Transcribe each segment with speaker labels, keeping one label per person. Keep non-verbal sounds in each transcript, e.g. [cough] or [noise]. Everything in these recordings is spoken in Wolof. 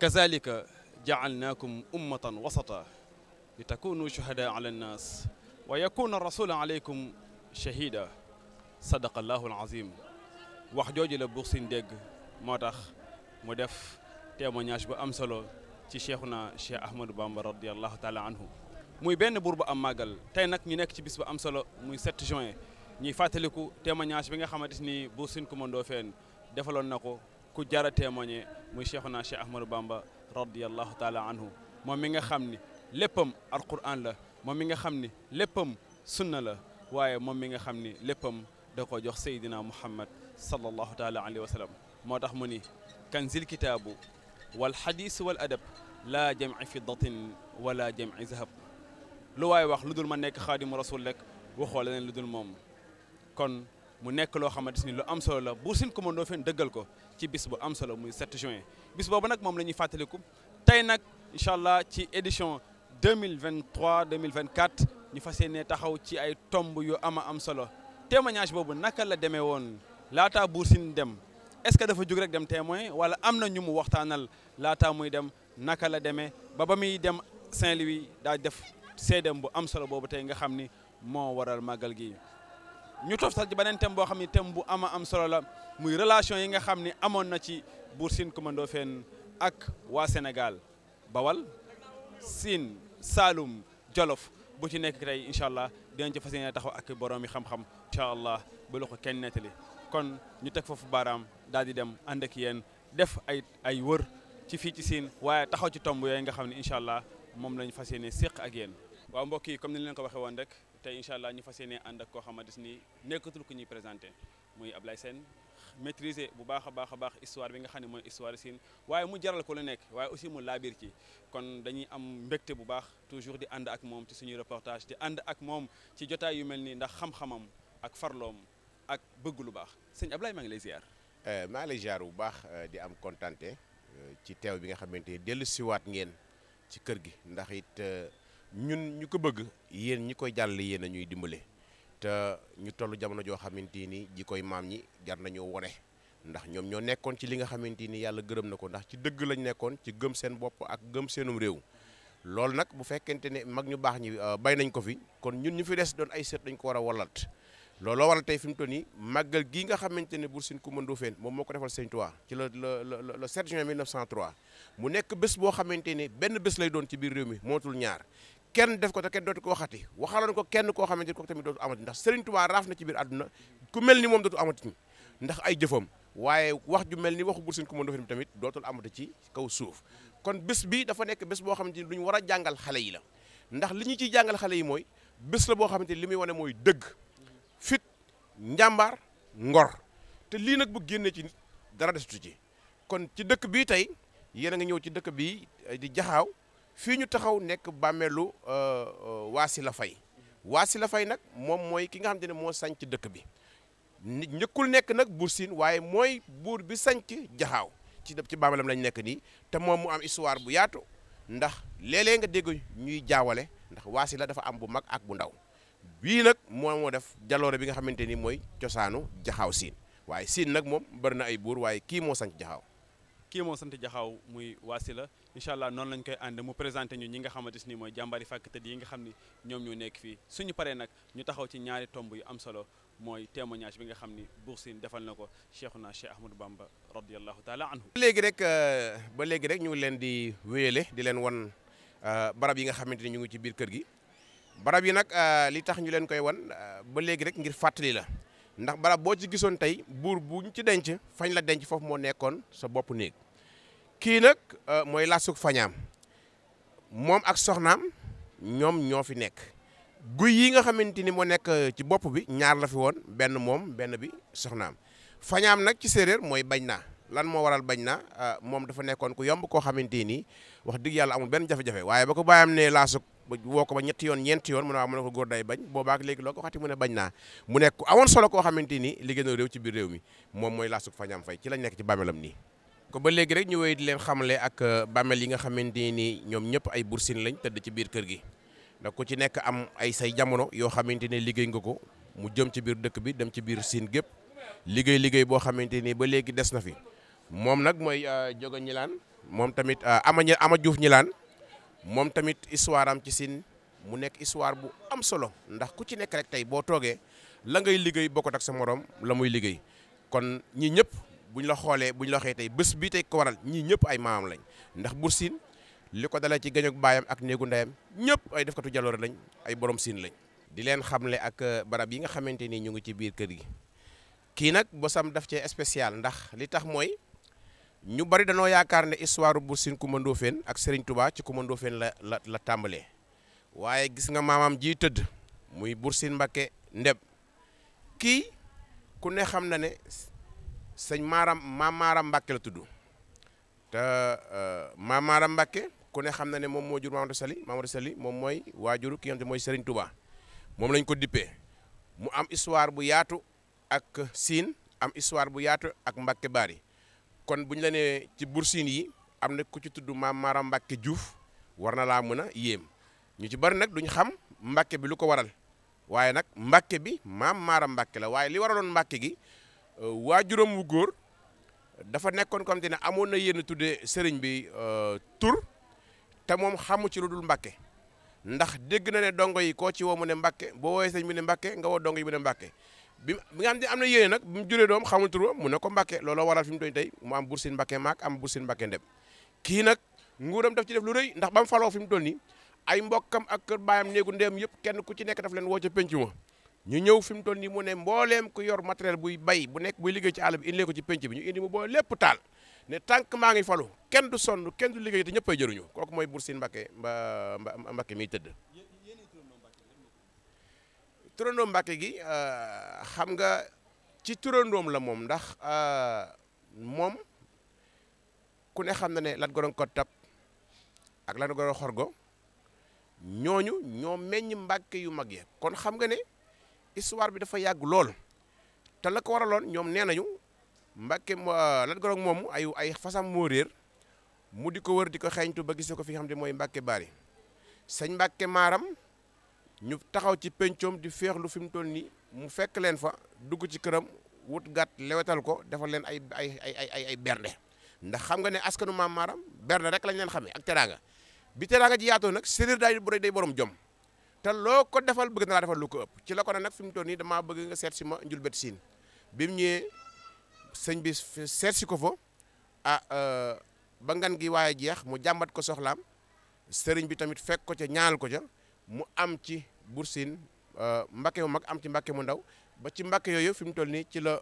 Speaker 1: kazalika jacalnaakum ummatan wasata li takunu shuhada ala annaas wa yakuna rasula aleykum shahida sadaqa allahu alazim wax jooju la Buur Sine dégg moo tax mu def témoignage bu am solo ci cheikhuna Cheikh Ahmadou Bamba radiallahu taala anhu muy benn buur bu am màggal tey nag ñu nekk ci bis bu am solo muy 7 juin ñuy fàttaliku témoignage bi nga xamante ni Buur Sine ku defaloon na ko ku jar a témoigné muy Cheikhuna Cheikh Ahmadou Bamba radiyallahu taala anhu moom mi nga xam ni léppam alquran la moom mi nga xam ni léppam sunna la waaye moom mi nga xam ni léppam da ko jox Seydina Muhammad sallallahu taala alayhi wa moo tax mu ni kanzil kitaabu wa xadiis wal adab laa jamci fiddatin wala jamci zahab lu waaye wax lu dul ma nekk xaadimu rasul rek waxoo leneen lu dul moom kon mu nekk loo xamante ni lu am solo la Buur Sine Coumba Ndoffène dëggal ko ci bis bu am solo muy 7 juin bis boobu nag moom la ñuy fàttaliku tey nag incha allah ci édition vingt 2024 ñu fas yéene taxaw ci ay tomb yu ama am solo témoignage boobu naka la demee woon laataa Buur Sine dem est-ce que dafa jug rek dem témoin wala am na ñu mu waxtaanal laataa muy dem naka la demee ba ba muy dem Saint-Louis daa def seedam bu am solo boobu tey nga xam ni moo waral màggal gi. ñu toftal ci beneen thème boo xam ni thème bu ama am solo la muy relation yi nga xam ni amoon na ci Buur Sine Coumba Ndoffène ak waa Sénégal Bawal Sine Saalum Jolof bu ci nekk tey incha allah dinañ ci fas yéene taxaw ak borom yi xam-xam incha allah ba lu ko kenn nettali kon ñu teg foofu baaraam daal di dem ànd ak yéen def ay ay wër ci fii ci Sine waaye taxaw ci tomb yooyu nga xam ne incha allah moom lañ fas yéene séq ak yéen. waa mbokk yi comme ni leen ko waxee woon rek. tey incha allah ñu fa yéene ànd ak koo xamante ni nekkatul ko ñuy présenté muy Ablaye seen maîtriser bu baax a baax a baax histoire bi nga xam ne mooy histoire Sine waaye mu jaral ko lu nekk waaye aussi mu laabir ci kon dañuy am mbégte bu baax toujours di ànd ak moom ci suñuy reportage di ànd ak moom ci jotaay yu mel nii ndax xam-xamam ak farloom ak bëgg lu baax sëñ Ablaye maa ngi lay ziar.
Speaker 2: Eh, maa lay ziar bu baax eh, di am kontante eh, ci teew bi nga xamante ne dellu siwaat ngeen ci kër gi ndax it. ñun ñu ko bëgg yéen ñi koy jàll yéen a ñuy dimbale te ñu toll jamono joo xamante nii ji koy maam ñi jar nañoo wone ndax ñoom ñoo nekkoon ci li nga xamante ni yàlla gërëm na ko ndax ci dëgg lañu nekkoon ci gëm seen bopp ak gëm seenum réew loolu nag bu fekkente ne mag ñu baax ñi euh, bay nañ ko fi kon ñun ñu fi des doon ay seet dañ ko war a wallat looloo waral tey fi mu toll nii màggal gii nga xamante ne Buur Sine Kumba Ndoofeen moom moo ko defal Sëñ Tuubaa ci la la la le 7 juin nekk bés boo xamante ne benn bés lay doon ci biir réew mi mootul ñaar kenn def ko te kenn dootu ko waxati waxaloon ko kenn koo xamante ni ko tamit dootu amati ndax Serigne Touba raaf na ci biir àdduna ku mel ni moom dootu amati ndax ay jëfam waaye wax ju mel ni waxu Buur Sine Coumba Ndofféne tamit dootul amati ci kaw suuf kon bés bi dafa nekk bés boo xamante ni lu ñu a jàngal yi la ndax li ñu ciy jàngal xale yi mooy bés boo xamante ni li muy wane mooy dëgg fit njàmbaar ngor te lii nag bu génnee ci nit dara tu ci kon ci dëkk bii tey yéen a nga ñëw ci dëkk bi di jaxaaw fii ñu taxaw nekk bàmmeelu euh, euh, Wasila Faye Wasila fay nag moom mooy ki nga xam te ne moo sanc dëkk bi njëkkul nekk nag buur siin waaye mooy buur bi sanc jaxaw ci ci bàmmeelam lañ nekk nii te moom mu am histoire bu yaatu ndax léeg nga dégg ñuy jaawale ndax Wasila dafa am bu mag ak bu ndaw bii nag moo moo def jaloore bi nga xamante ni mooy cosaanu jaxaaw siin waaye siin nag moom bari na ay buur waaye kii moo sanc jaxaaw
Speaker 1: kii moo sant jaxaw muy Wasila incha allah noonu lañ koy ànd mu présenté ñu ñi nga xamante ni mooy jàmbari fàkk tëdd yi nga xam ni ñoom ñoo nekk fii suñu paree nag ñu taxaw ci ñaari tomb yu am solo mooy témoignage bi nga xam ni Buur Sine defal na ko Cheikhuna Cheikh Ahmadou Bamba radiallahu taala anhu
Speaker 2: ba léegi rek euh, ba léegi rek ñu leen di wéyale di leen wan euh, barab yi nga xamante ni ñu ngi ci biir kër gi barab yi nag euh, li tax ñu leen koy wan ba léegi rek ngir fàttali la ndax barab boo ci gisoon tey buur bu ñu ci denc fañ la denc foofu moo nekkoon sa bopp néeg kii nag euh, mooy lasuk fañaam moom ak soxnaam ñoom ñoo fi nekk guy yi nga xamante ni moo nekk euh, ci bopp bi ñaar la fi woon benn moom benn bi soxnaam fañaam nag ci séeréer mooy bañ naa lan moo waral bañ naa euh, moom dafa nekkoon ku yomb koo xamante ni wax dëgg yàlla amul benn jafe-jafe waaye ba ko bàyyam ne laasuk woo ko ba ñetti yoon ñeenti yoon mu ne waaw mu ne ko góor day bañ boobaak léegi loo ko waxati mu ne bañ naa mu nekk ku awoon solo koo xamante ni liggéey na ci biir réew mi moom mooy laasuk fañaam fay ci lañ nekk ci bàmmeelam nii ko ba léegi rek ñu wéy di leen xamale ak euh, bàmmeel yi nga xamante ni ñoom ñëpp ay bursin lañ tëdd ci biir kër gi ndax ku ci nekk am ay say jamono yoo xamante ne liggéey nga ko mu jëm ci biir dëkk bi dem ci biir siin gépp liggéey liggéey boo xamante nii ba léegi des na fi moom nag mooy euh, Jogo Ñilaan moom tamit euh, am a Juuf Ñilaan moom tamit histoire am ci siin mu nekk histoire bu am solo ndax ku ci nekk rek tey boo toogee la ngay liggéey bokkut ak sa morom la muy liggéey kon ñi bu ñu la xoolee bu ñu la waxee tey bés bi tey ko waral ñii ñëpp ay maam lañ ndax Bour li ko dalee ci gañog baayam ak néegu ndeyam ñëpp ay defkatu jaloore lañ ay borom siin lañ. di leen xamle ak euh, barab yi nga xamante ni ñu ngi ci biir kër gi kii nag sam def cee spécial ndax li tax mooy ñu bari danoo yaakaar ne histoire Bour Sine Coumba ak Serigne Touba ci Coumba Ndofféne la la la tàmbalee waaye gis nga maamaam ji tëdd muy Bour Sine Mbacké Ndeb kii xam na sëñ maaram maam maaram Mbàkke la tudd te euh, maa maaram Mbàkke ku ne xam na ne moom moo jur Mamadou moo Mamadou Sali moom mooy waajuru ki nga xam ne mooy Serigne Touba moom lañ ko dippee mu am histoire bu yaatu ak siin am histoire bu yaatu ak Mbàkke Bari kon bu ñu la nee ci bur siin yi am na ku ci tudd maam maaram mbakke Diouf war na laa mën a yéem ñu ci bari nag duñ xam Mbàkke bi lu ko waral waaye nag Mbàkke bi maam maaram Mbàkke la waaye li waraloon mbakke gi Euh, waajuram wu góor dafa nekkoon comme te ne amoon na yéen tuddee sëriñ bi euh, tur te moom xamu ci lu dul mbàkke ndax dégg na ne dongo yi koo ci woo mu ne mbàkke boo woowee sëriñ bi ne mbàkke nga woo dongo yi mu ne mbàkke bi mu nga xam ne am na yéene nag bi mu juree doom xamul tur mu ne ko mbàkke looloo waral fi mu toñ tey mu am bursin mbàkke maak am bursin mbàkke ndem kii nag nguuram daf ci def lu rëy ndax ba mu faloo fi mu toll nii ay mbokkam ak kër baayam néegu ndeyam kenn ku ci nekk daf leen woo ca penc ma ñu ñëw fi mu toll nii mu ne mbooleem ku yor matériel buy bay bu nekk buy liggéey ci àll bi indi ko ci penc bi ñu indi mu boole lépp taal ne tànk maa ngi falu kenn du sonn kenn du liggéey te ñëppay jëruñu kooku mooy Buur Siin Mbàkke mba Mbàkke miy tëdd turandoo Mbàkke gi euh, xam nga ci turandoom la moom ndax euh, moom ku ne xam na ne Lat Goroŋ Kottab ak Lat Goroŋ Xorgo ñooñu ñoo meññ Mbàkke yu mag ya kon xam nga ne histoire bi dafa yàgg lool te la ko waraloon ñoom nee nañu Mbàkke euh, Lat Joor ak moom ay ay fasam moo réer mu di ko wër di ko xeeñtu ba gisee ko fi nga xam ne mooy Mbàkke Baari sëñ mbakke Maaram ñu taxaw ci pencoom di féexlu fi mu toll nii mu fekk leen fa dugg ci këram wut gàtt lewetal ko defal leen ay ay ay ay ay bernde ndax xam nga ne askanu maam Maaram bernde rek lañ leen xamee ak teraanga bi teraanga ji yaatoo nag séréer daay bu rëy day borom jom te loo ko defal bëgg na laa defal lu ko ëpp ci la ko nag fi mu toll nii dama bëgg nga seet si ma Ndiourbel Sine bi mu ñëwee sëñ bi seet si ko fa ah euh, ba ngan gi waaye jeex mu jàmbat ko soxlaam sëriñ bi tamit fekk ko ca ñaanal ko ca mu am ci Buur Sine euh, mbakke mu mag am ci mbakke mu ndaw ba ci mbakke yooyu fi mu toll nii ci la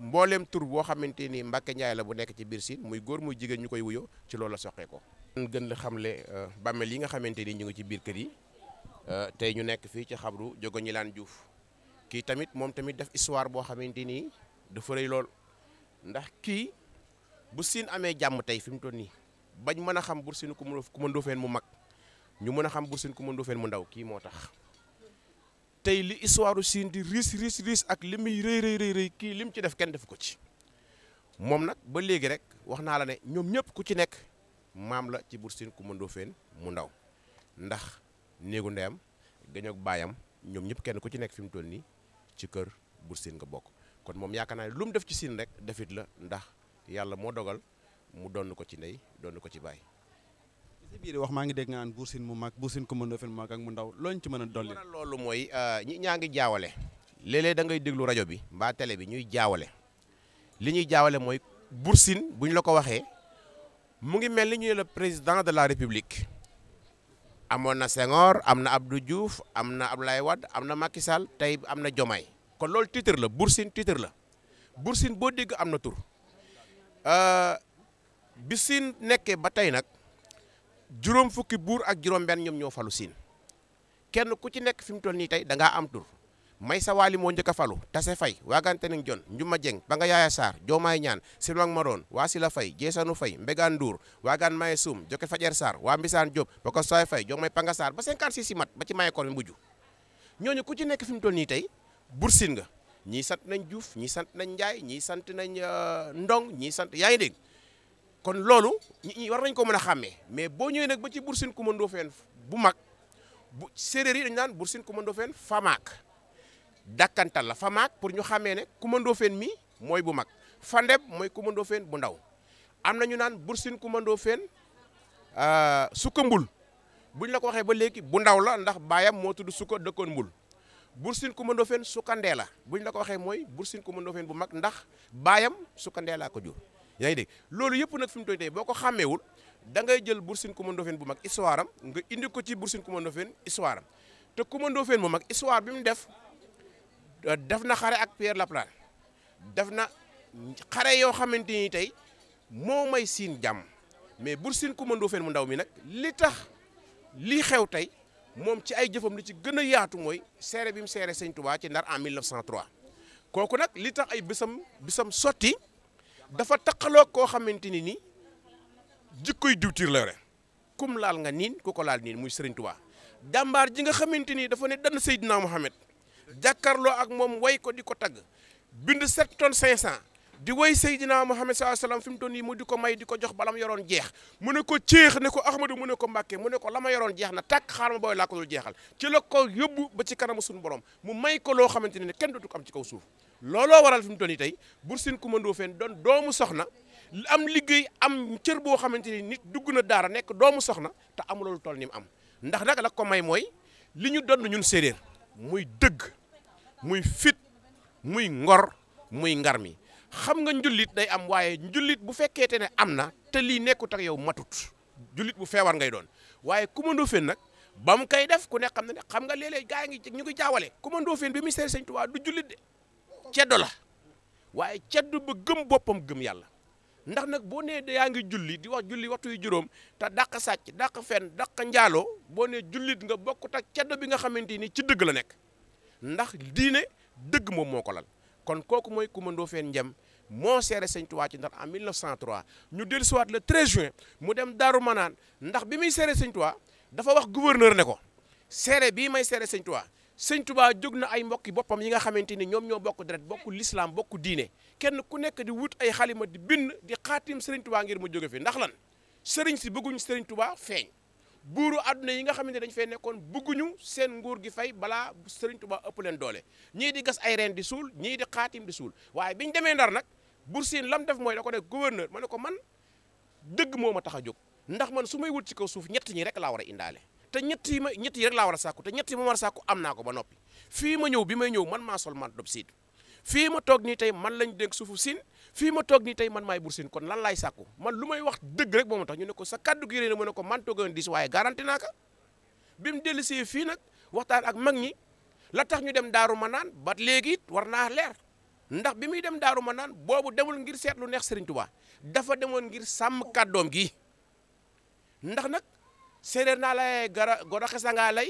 Speaker 2: mbooleem tur boo xamante ni mbakke Njaay la bu nekk ci biir Sine muy góor muy jigéen ñu koy wuyoo ci loolu la soqee ko. gën la xamle euh, bàmmeel yi nga xamante ni ñu ngi ci biir kër yi. Euh, tey ñu nekk fii ci xabru jogo ñilaan juuf kii tamit moom tamit def histoire boo xamante ni dafa rëy lool ndax kii bu siin amee jàmm tey fi mu toll nii bañ mën a xam Bour Sine ku ma Ndofeen mu mag ñu mën a xam Bour Sine ku ma Ndofeen mu ndaw kii moo tax tey li histoire siin di riis riis ak li muy rëy rëy kii lim ci def kenn def ko ci moom nag ba léegi rek wax naa la ne ñoom ñëpp ku ci nekk maam la ci Bour Sine ku ma Ndofeen mu ndaw ndax néegu ndeyam gañoog baayam ñoom ñëpp kenn ku ci nekk fi mu toll nii ci kër Bur Sine nga bokk kon moom yaakaar naa ni lu mu def ci Sine rek defit la ndax yàlla moo dogal mu donn ko ci ndey donn ko ci baay. ci
Speaker 1: biir wax maa ngi dégg naan Bur Sine mu mag Bur Sine
Speaker 2: ku mën mu mag ak mu ndaw looñ ci mën a dolli. loolu mooy euh, ñi ñaa ngi jaawale. léeg-léeg da ngay déglu rajo bi mbaa télé bi ñuy jaawale li ñuy jaawale mooy Bur Sine bu ñu la ko waxee mu ngi mel ni ñu ne président de la république. amoon na Senghor am na ab Abdou Diouf am na Abdoulaye Wade am na makisal tey am na Diomaye kon loolu titre la Bour Sine titre la Bour Sine boo dégg am na tur euh, bi Sine nekkee ba tey nag juróom fukki buur ak juróom benn ñoom ñoo falu Sine kenn ku ci nekk fi mu toll nii tey da ngaa am tur may sa Wali moo njëkk a falu Tase Faye Wagante Neng Jon Njuma Jeng Banga Yaya Sarr Joomaay Ñaan Silwang Maroon Wasila Faye Jeesanu Faye Mbegaan Ndour Wagan Maye Soum Joket Fajer Sarr Waa Mbisaan Diop Boko Soy Faye Joomay Panga Sarr ba 56 si mat ba ci maye koor mi mujj ñooñu ku ci nekk fi mu toll nii tey bursin nga ñii sant nañ Diouf ñii sant nañ Ndiaye ñii sant nañ euh, Ndong ñii sant yaa ngi dégg kon loolu ñi war nañ ko mën a xàmmee mais boo ñëwee nag ba ci bursin ku ma bu mag bu séeréer yi dañ naan bursin ku ma Ndofeen famaak dakkantal la fa maak pour ñu xamee ne Coumba feen mi mooy bu mag fa ndeb mooy Coumba feen bu ndaw am na ñu naan Bursin Coumba feen euh, sukka mbul buñ la ko waxee ba léegi bu ndaw la ndax baayam moo tudd sukka dëkkoon mbul Bursin Coumba Ndofféne sukka ndee la buñ la ko waxee mooy Bursin Coumba Ndofféne bu mag ndax baayam sukka laa ko jur yaa de loolu yëpp nag fi mu toll tey boo ko xàmmeewul da ngay jël Bursin Coumba Ndofféne bu mag histoire am nga indi ko ci Bursin Coumba Ndofféne histoire am te Coumba Ndofféne bu mag histoire bi mu def def na xare ak Pierre Laplane def na xare yoo xamante ni tey moo may siin jàmm mais Bour Sine Coumba fen mu ndaw mi nag li tax lii xew tey moom ci ay jëfam li ci gën a yaatu mooy seere bi mu seere sëñ Touba ci Ndar en 1903 kooku nag li tax ay bisam bisam sotti dafa taqaloo koo xamante ni ni jikkoy diwtiir la yore kum laal nga niin ku ko laal niin muy sëriñ Touba jàmbaar ji nga xamante ni dafa ne dan Seydina Mohamed jàkkaarloo ak moom way ko di ko tagg bind sept tonnes cinq cent di way Seydina Muhammad sallallahu alayhi wasallam fi mu toll nii mu di ko may di ko jox balam yoroon jeex mu ne ko ceex ne ko Ahmadu mu ne ko Mbàkke mu ne ko la ma yoroon jeex na tàkk xaar ma booy jeexal ci la ko yóbbu ba ci kanamu suñu borom mu may ko loo xamante ne kenn dootu ko am ci kaw suuf looloo waral fi mu toll nii tey Bour Sine Coumba Ndoffène doon doomu soxna am liggéey am cër boo xamante ni nit dugg na daara nekk doomu soxna te amuloo lu toll ni mu am ndax nag la ko may mooy li ñu doon ñun séeréer muy dëgg muy fit muy ngor muy ngar mi xam nga njullit day am waaye njullit bu fekkeete ne am na te lii nekkut ak yow matut njullit bu feebar ngay doon waaye Coumba Ndoffène nag ba mu kay def ku ne xam ne ne xam nga léeg-léeg gaa yi ngi ñu ngi jaawale Coumba Ndoffène bi ministère Sëñ Tuubaa du jullit la waaye ceddo ba gëm boppam gëm yàlla ndax nag boo nee yaa ngi julli di wax julli waxtu juróom te dàq sàcc dàq fen dàq njaaloo boo nee jullit nga bokkut ak ceddo bi nga xamante ni ci dëgg la nekk ndax diine dëgg moom moo ko lal kon kooku mooy Coumba Ndoffène Ndieme moo seere sëñ Tuubaa ci Ndar en 1903 ñu dellusiwaat le 13 juin mu dem Daaru Manaan ndax bi muy seere sëñ Tuubaa dafa wax gouverneur ne ko seere bii may seere sëñ Tuubaa sëñ Tuubaa jóg na ay mbokki boppam yi nga xamante ni ñoom ñoo bokk deret bokk lislaam bokk diine kenn ku nekk di wut ay xalima di bind di xaatim sëriñ Tuubaa ngir mu jóge fi ndax lan sëriñ si bëgguñ sëriñ Tuubaa feeñ buuru àdduna yi nga xamante dañ fay nekkoon bëgguñu seen nguur gi fay balaa Serigne Touba ëpp leen doole ñii di gas ay reen di suul ñii di xaatim di suul waaye biñu demee ndar nag Buur Siin lam def mooy da ko ne gouverneur ma ne ko man dëgg moo ma tax a jóg ndax man su may wut ci kaw suuf ñett ñi rek laa war a indaale te ñetti yi ma ñett yi rek laa war a sàkku te ñett ma war a sàkku am naa ko ba noppi fii ma ñëw bi may ñëw man maa sol man dob siid fii ma toog nii tey man lañ dénk suufu siin fii ma toog nii tey man maay buur siin kon lan lay sàkku man lumay may wax dëgg rek moo tax ñu ne ko sa kaddu gi réer mu ne ko man toogoon dis waaye garanti naa ko bi mu dellu see fii nag waxtaan ak mag ñi la tax ñu dem daaru ma naan léegi war naa leer ndax bi muy dem daaru ma naan boobu demul ngir seet lu neex Serigne Touba dafa demoon ngir sàmm kàddoom gi ndax nag séeréer naa lay gara goro xesangaa lay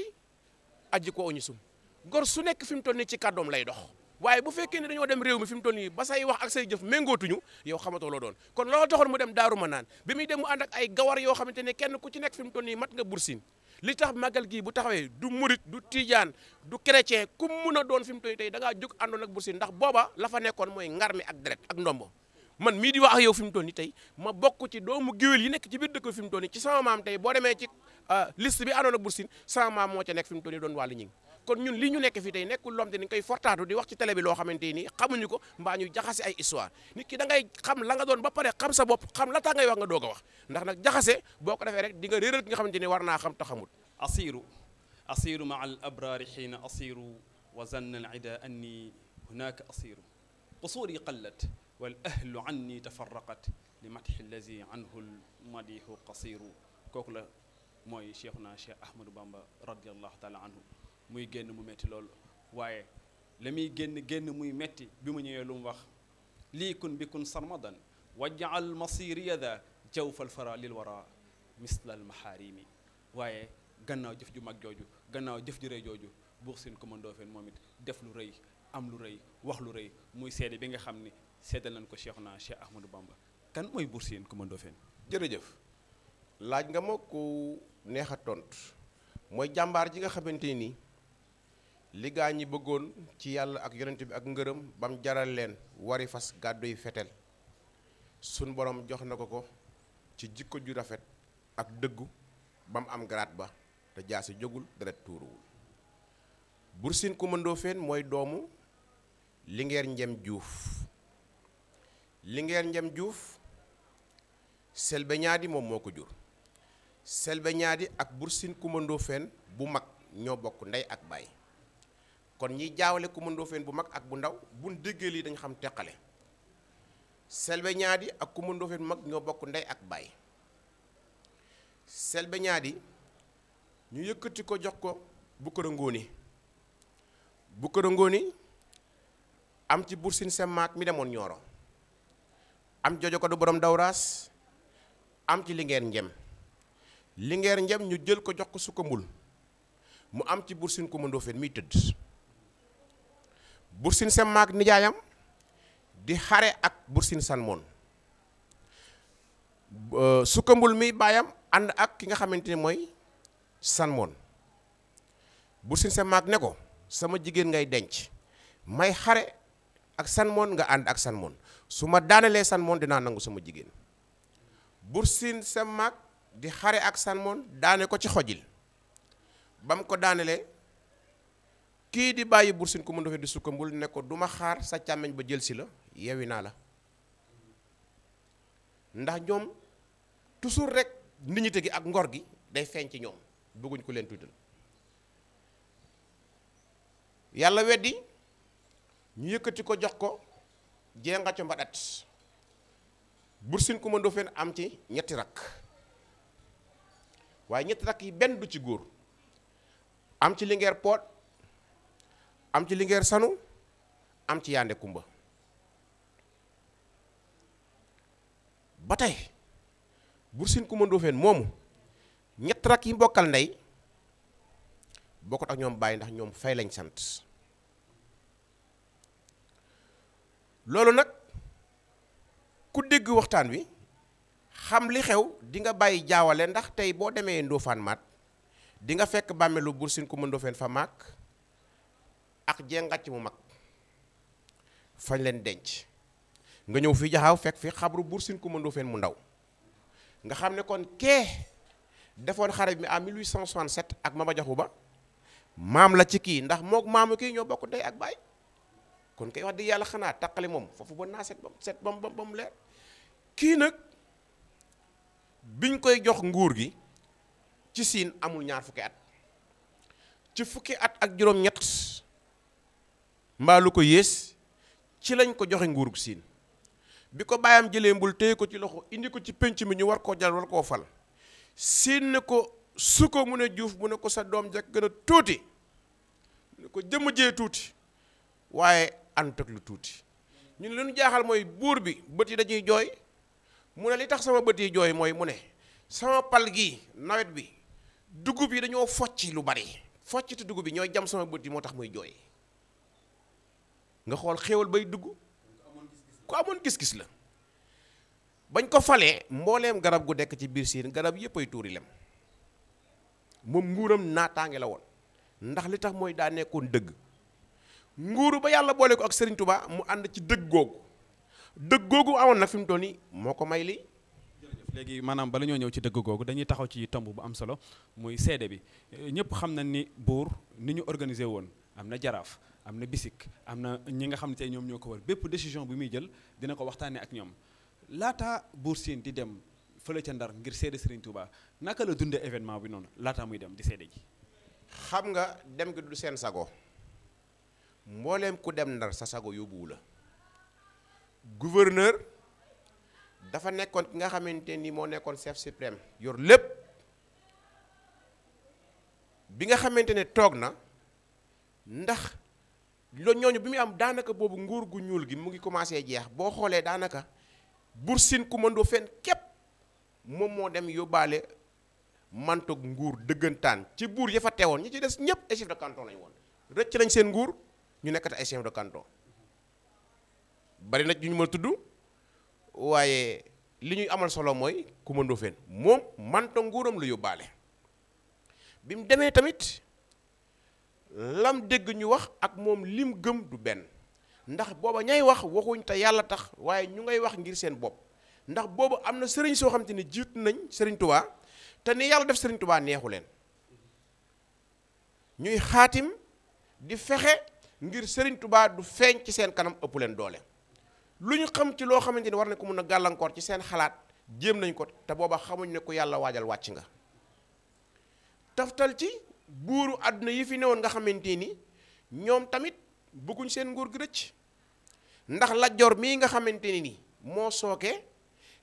Speaker 2: aji ko oñu sum gor su nekk fi mu toll nii ci kàddoom lay dox waaye bu fekkee ne dañoo dem réew mi fi mu toll nii ba say wax ak say jëf méngootuñu yow xamatoo loo doon kon looloo taxoon mu dem daaru ma naan bi muy dem mu ànd ay gawar yoo xamante ne kenn ku ci nekk mu toll nii mat nga bursin li tax màggal gii bu taxawee du murit du tijaan du chrétien ku mun a doon fi mu toll da ngaa jóg àndoon ak bursin ndax booba la fa mooy ngar mi ak deret ndombo man mii di wax ak yow fi mu toll nii tey ma bokk ci doomu géwél yi nekk ci biir dëkk fi mu toll nii ci sama maam tey boo demee ci ah, liste bi àndoon ak bursin sama maam moo ca nekk fi mu toll nii doon wàllu ñing kon ñun li ñu nekk fii tey nekkul lom te ni koy fortaatu di wax ci télé bi loo xamante ni xamuñu ko mbaa ñu jaxase ay histoire nit ki da ngay xam la nga doon ba pare xam sa bopp xam la tax ngay wax nga doog a wax ndax nag jaxase boo ko defee rek di nga réeral ki nga xamante ni war naa xam ta xamul asiru
Speaker 1: asiru maa al abraari xiina asiru wa zanna al ida anni hunaka asiru qusuuri qallat wal ahlu anni tafarraqat li matxi allazi anhu l madihu qasiru kooku la mooy cheikhuna cheikh ahmadou bamba radiallahu taala anhu muy génn mu metti loolu waaye la muy génn génn muy métti bi mu ñëwee lu mu wax lii kun bi kun sarmadan wajaal masiriya da jawfal fara lil wara misla al maharimi waaye gannaaw jëf ju mag jooju gannaaw jëf ju rëy jooju buux sin ko mandoofeen moom it def lu rëy am lu rëy wax lu rëy muy seede bi nga xam ni seedal nañ ko cheikh naa cheikh ahmadou bamba
Speaker 2: kan mooy buur sin ko mandoofeen jërëjëf laaj nga ma ku neex a tont mooy jàmbaar ji nga xamante ni li gaa ñi bëggoon ci yàlla ak yonent bi ak ngërëm ba mu jaral leen wari fas gàddu yi fetel suñ borom jox na ko ko ci jikko ju rafet ak dëggu bam am garaat ba te jaasi jógul deret tuuruwul bursin ku mëndoo mooy doomu lingeer njem juuf lingeer njem juuf selbe ñaadi moom moo ko jur selbe ñaadi ak bursin ku mëndoo feen bu mag ñoo bokk ndey ak baay kon ñiy jaawale Kumba Ndoofeen bu mag ak bu ndaw bu déggee lii dañ xam teqale Selbé Niadi ak Kumba Ndoofeen bu mag ñoo bokk ndey ak baay Selbé Niadi ñu yëkkati ko jox ko ngooni bu Ngóoni a ngooni am ci Bursin Semmaak mi demoon Nioro am jojo ko du borom dawraas am ci lingeer njem lingeer njëm ñu jël ko jox ko Sukkambul mu am ci Bursin Kumba Ndoofeen miy tëdd bursin sem maag nijaayam di xare ak bursin su euh, sukkambul mi baayam ànd ak ki nga xamante ni mooy sanmoon bursin sem maag ne ko sama jigéen ngay denc may xare ak sanmoon nga ànd ak sanmoon su ma daanalee sanmoon dinaa nangu sama jigéen bursin sem maag di xare ak sanmoon daane ko ci xojil ba ko daanalee kii di bàyyi bursin ku mu ndoxee di sukkambul ne ko du ma xaar sa càmmeñ ba jël si la yewi naa la ndax ñoom toujours rekk nit ñi tegi ak ngor gi day feeñ ci ñoom bëgguñ ko leen tuddal yàlla weddi ñu yëkkati ko jox ko jeenga co mbadat bursin ku ma ndofeen am ci ñetti rakk waaye ñetti rakk yi benn du ci góor am ci lingeer poot am ci Linguère Sanu am ci Yandé Kumba ba tey Bour Sine Kumba Ndofeen moomu ñett rak yi mbokkal ndey bokkut ak ñoom bàyyi ndax ñoom fay lañ sant loolu nag ku dégg waxtaan wi xam li xew di nga bàyyi jaawale ndax tey boo demee Ndofane maat dinga nga fekk bàmmeelu Bour Sine Kumba Ndofeen fa maak ak jengàcc mu mag fañ leen denc nga ñëw fi jaxaw fekk fi xabru buur sin ku mëndoo feen mu ndaw nga xam ne kon kee defoon xare bi en 1867 ak mama jaxu ba maam la ci kii ndax mook maamu kii ñoo bokk ndey ak baay kon koy wax di yàlla xanaa taqale moom foofu ba naa set ba mu set ba mu ba mu leer kii nag biñ koy jox nguur gi ci siin amul ñaar fukki at ci fukki at ak juróom-ñett mbaa lu ko yées ci lañ ko joxe nguurug siin bi ko baayam jëlee mbul téye ko ci loxo indi ko ci pénc mi ñu war koo jal war koo fal siin ne ko su ko munee juuf mu ne ko sa doom jak gën a tuuti mu ne ko jëmm jee tuuti waaye ànd lu tuuti ñun li ñu jaaxal mooy buur bi bët yi dañuy jooy mu ne li tax sama bët yi jooy mooy mu ne sama pal gi nawet bi dugub yi dañoo focci lu bari focc te dugub yi ñooy jam sama bët yi moo tax muy jooy nga xool xéewal bay dugg ku amoon gis-gis la bañ ko falee mbooleem garab gu dekk ci biir siin garab yëpp ay tuuri lem moom nguuram naataange la woon ndax li tax mooy daa nekkoon dëgg nguuru ba yàlla boole ko ak Serigne Touba mu ànd ci dëgg googu dëgg googu amoon nag fi mu toll nii moo ko may lii.
Speaker 1: léegi maanaam bala ñoo ñëw ci dëgg googu dañuy taxaw ci tomb bu am solo muy seede bi ñëpp xam na ni buur ni ñu organisé woon am na jaraaf. am na bisik am na ñi nga xam ne tey ñoom ñoo ko war bépp décision bi muy jël dina ko waxtaanee ak ñoom laata Buur Sine di dem
Speaker 2: fële ca Ndar ngir seede Serigne Touba naka la dundee événement bi noonu laata muy dem di seede ji. xam nga dem gi du seen sago mbooleem ku dem Ndar sa sago yóbbuwu la gouverneur dafa nekkoon ki nga xamante ni moo nekkoon chef suprême yor lépp. bi nga xamante ne toog na ndax loolu ñooñu bi muy am daanaka boobu nguur gu ñuul gi mu ngi commencé jeex boo xoolee daanaka Buur Siin kumandoo fenn képp moom moo dem yóbbaale mantoog nguur dëggantaan ci buur ya fa teewoon ñi ci des ñëpp ay de canton lañu woon rëcc nañ seen nguur ñu nekkati ay chef de canton bari na ñu ma tudd waaye li ñuy amal solo mooy kumandoo fenn moom mantoog nguuram lu yóbbaale bi mu demee tamit. lam dégg ñu wax ak moom lim gëm du benn ndax booba ñay wax waxuñ te yàlla tax waaye ñu ngay wax ngir seen bopp ndax boobu am na sëriñ soo xam te ne jiitu nañ sëriñ tubaa te ni yàlla def sëriñ tubaa neexu leen ñuy xaatim di fexe ngir sëriñ tubaa du feeñ ci seen kanam ëpp leen doole lu ñu xam ci loo xamante ne war na ko mun a gàllankoor ci seen xalaat jéem nañ ko te booba xamuñ ne ko yàlla waajal wàcc nga taftal ci buuru àdduna yi fi newoon nga xamante ni ñoom tamit bëgguñ seen nguur gi rëcc ndax Lat Joor mii nga xamante ni moo sooke